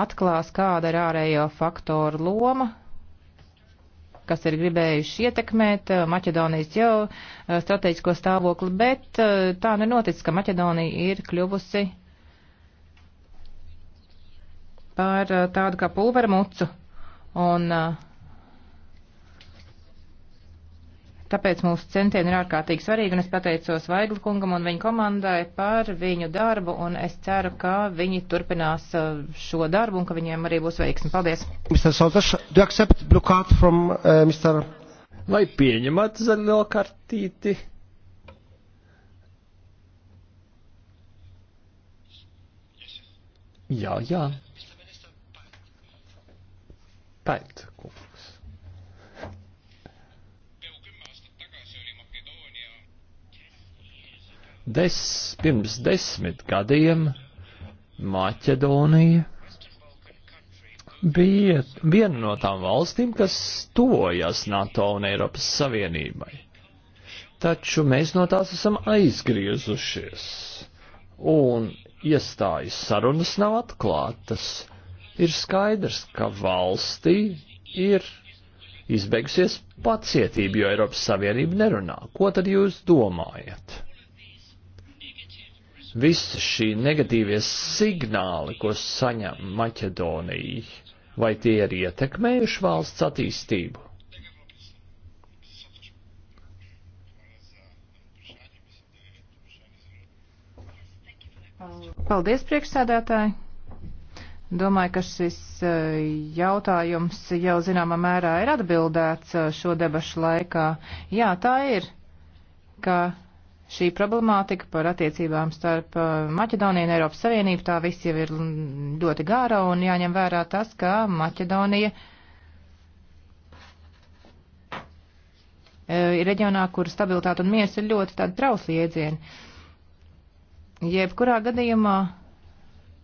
atklās, kāda ir ārējo faktoru loma, kas ir gribējuši ietekmēt eh, Maķedonijas jau strateģisko stāvokli, bet eh, tā nenotic, ka Maķedonija ir kļuvusi par eh, tādu kā pulvermucu. Un uh, Tāpēc mūsu centieni ir ārkārtīgi svarīgi, un es pateicos Vaigla kungam un viņa komandai par viņu darbu, un es ceru, ka viņi turpinās uh, šo darbu un ka viņiem arī būs veiksmi. Paldies! Soldaš, from, uh, Mr... Vai pieņemat zaļo kartīti? Jā, jā. Pēc. Des, pirms desmit gadiem Maķedonija bija viena no tām valstīm, kas tuvojas NATO un Eiropas Savienībai. Taču mēs no tās esam aizgriezušies, un iestājas sarunas nav atklātas. Ir skaidrs, ka valstī ir izbeigusies pacietība, jo Eiropas Savienība nerunā. Ko tad jūs domājat? visi šī negatīvie signāli, ko saņem Maķedonija, vai tie ir ietekmējuši valsts attīstību? Paldies, priekšsēdētāji! Domāju, ka šis eh, jautājums jau zināmā mērā ir atbildēts eh, šo debašu laikā. Jā, tā ir, ka šī problemātika par attiecībām starp uh, Maķedoniju un Eiropas Savienību, tā viss jau ir ļoti gāra un jāņem vērā tas, ka Maķedonija uh, ir reģionā, kur stabilitāte un miers ir ļoti tādi trausli iedzieni. Jebkurā gadījumā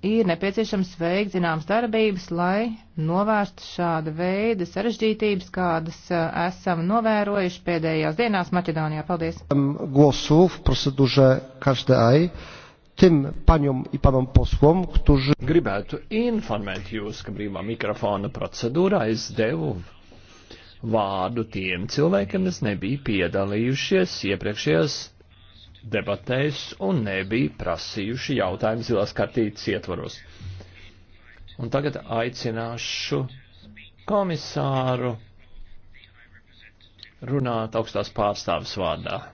ir nepieciešams veikt zināmas darbības, lai novērstu šāda veida sarežģītības, kādas uh, esam novērojuši pēdējās dienās Maķedonijā. Paldies! Głosów w procedurze każdej tym paniom i panom posłom, którzy... Gribētu informēt jūs, ka brīvā mikrofona procedūrā es devu vārdu tiem cilvēkiem, kas nebija piedalījušies iepriekšējās debatēs un nebija prasījuši jautājumu zilās kartītes ietvaros. Un tagad aicināšu komisāru runāt augstās pārstāvis vārdā.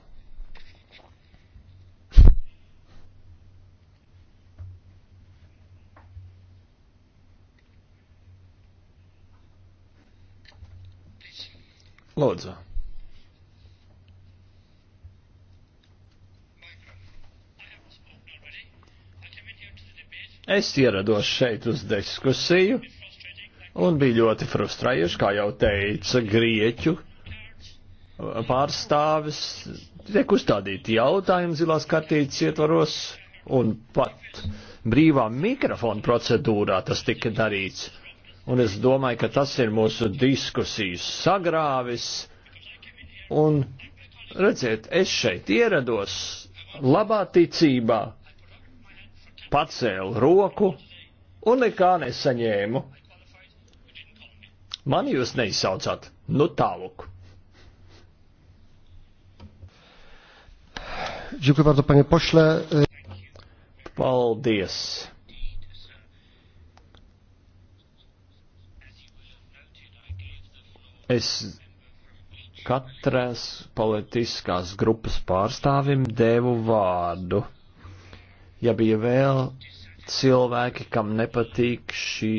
Lūdzu. Es ierados šeit uz diskusiju un bija ļoti frustrējuši, kā jau teica Grieķu pārstāvis. Tiek uzstādīti jautājumi zilās kartītes ietvaros un pat brīvā mikrofona procedūrā tas tika darīts. Un es domāju, ka tas ir mūsu diskusijas sagrāvis. Un redziet, es šeit ierados labā ticībā, pacēlu roku un nekā nesaņēmu. Mani jūs neizsaucāt, nu tālāk. Dziękuję bardzo, panie pośle. Paldies. Es katras politiskās grupas pārstāvim devu vārdu ja bija vēl cilvēki, kam nepatīk šī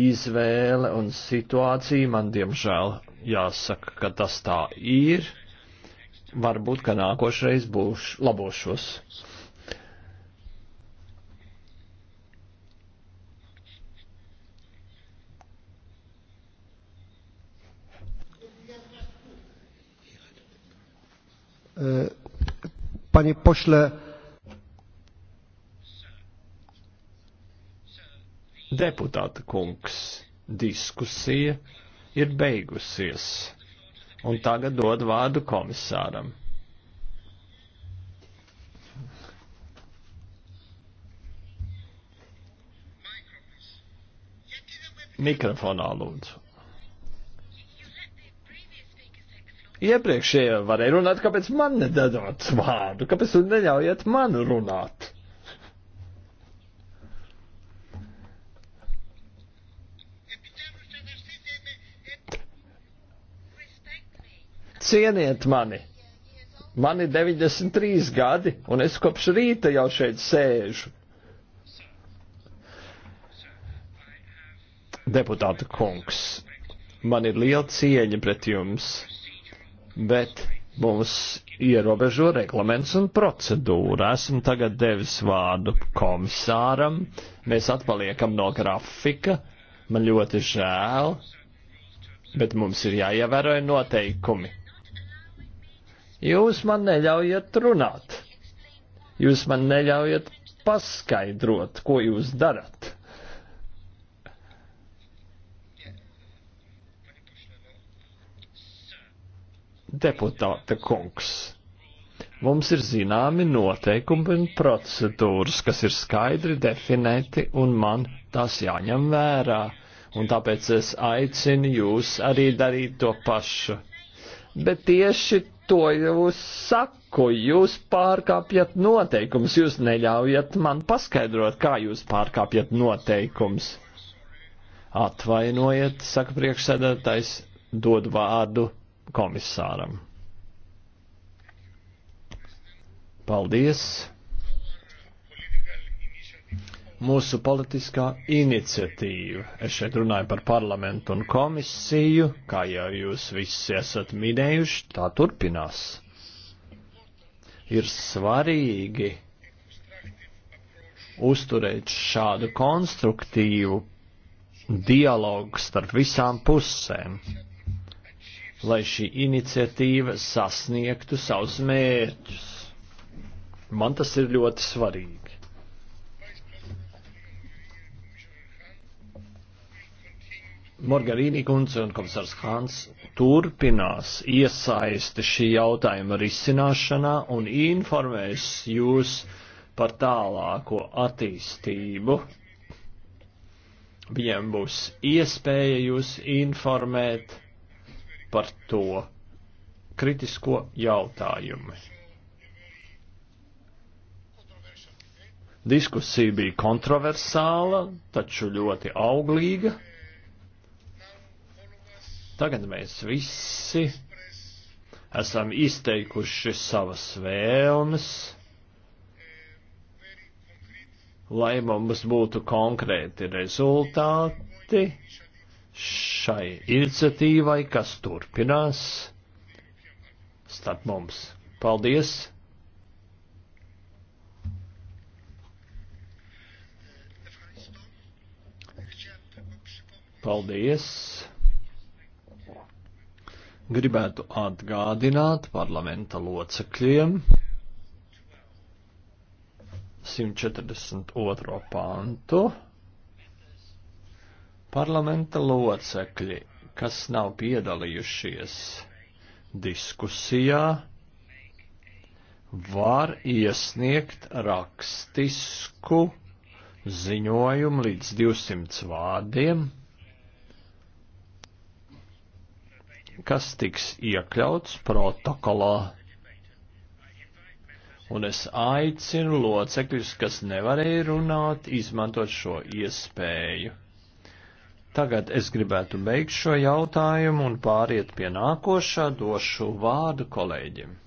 izvēle un situācija, man diemžēl jāsaka, ka tas tā ir. Varbūt, ka nākošreiz būs labošos. Panie pośle, Deputāta kungs, diskusija ir beigusies, un tagad dod vārdu komisāram. Mikrofonā lūdzu. Iepriekšējie varēja runāt, kāpēc man nedodot vārdu, kāpēc jūs neļaujat man runāt? cieniet mani. Man ir 93 gadi, un es kopš rīta jau šeit sēžu. Deputāta kungs, man ir liela cieņa pret jums, bet mums ierobežo reglaments un procedūra. Esmu tagad devis vārdu komisāram, mēs atpaliekam no grafika, man ļoti žēl, bet mums ir jāievēroja noteikumi. Jūs man neļaujat runāt. Jūs man neļaujat paskaidrot, ko jūs darat. Deputāte kungs, mums ir zināmi noteikumi un procedūras, kas ir skaidri definēti, un man tās jāņem vērā, un tāpēc es aicinu jūs arī darīt to pašu. Bet tieši to jūs saku, jūs pārkāpjat noteikums, jūs neļaujat man paskaidrot, kā jūs pārkāpjat noteikums. Atvainojiet, saka priekšsēdētājs, dod vārdu komisāram. Paldies! mūsu politiskā iniciatīva. Es šeit runāju par parlamentu un komisiju, kā jau jūs visi esat minējuši, tā turpinās. Ir svarīgi uzturēt šādu konstruktīvu dialogu starp visām pusēm, lai šī iniciatīva sasniegtu savus mērķus. Man tas ir ļoti svarīgi. Morgarīni kundze un komisārs Hāns turpinās iesaisti šī jautājuma risināšanā un informēs jūs par tālāko attīstību. Viņiem būs iespēja jūs informēt par to kritisko jautājumu. Diskusija bija kontroversāla, taču ļoti auglīga. Tagad mēs visi esam izteikuši savas vēlmes, lai mums būtu konkrēti rezultāti šai iniciatīvai, kas turpinās starp mums. Paldies! Paldies! gribētu atgādināt parlamenta locekļiem 142. pantu. Parlamenta locekļi, kas nav piedalījušies diskusijā, var iesniegt rakstisku ziņojumu līdz 200 vārdiem kas tiks iekļauts protokolā. Un es aicinu locekļus, kas nevarēja runāt, izmantot šo iespēju. Tagad es gribētu beigt šo jautājumu un pāriet pie nākošā, došu vārdu kolēģim.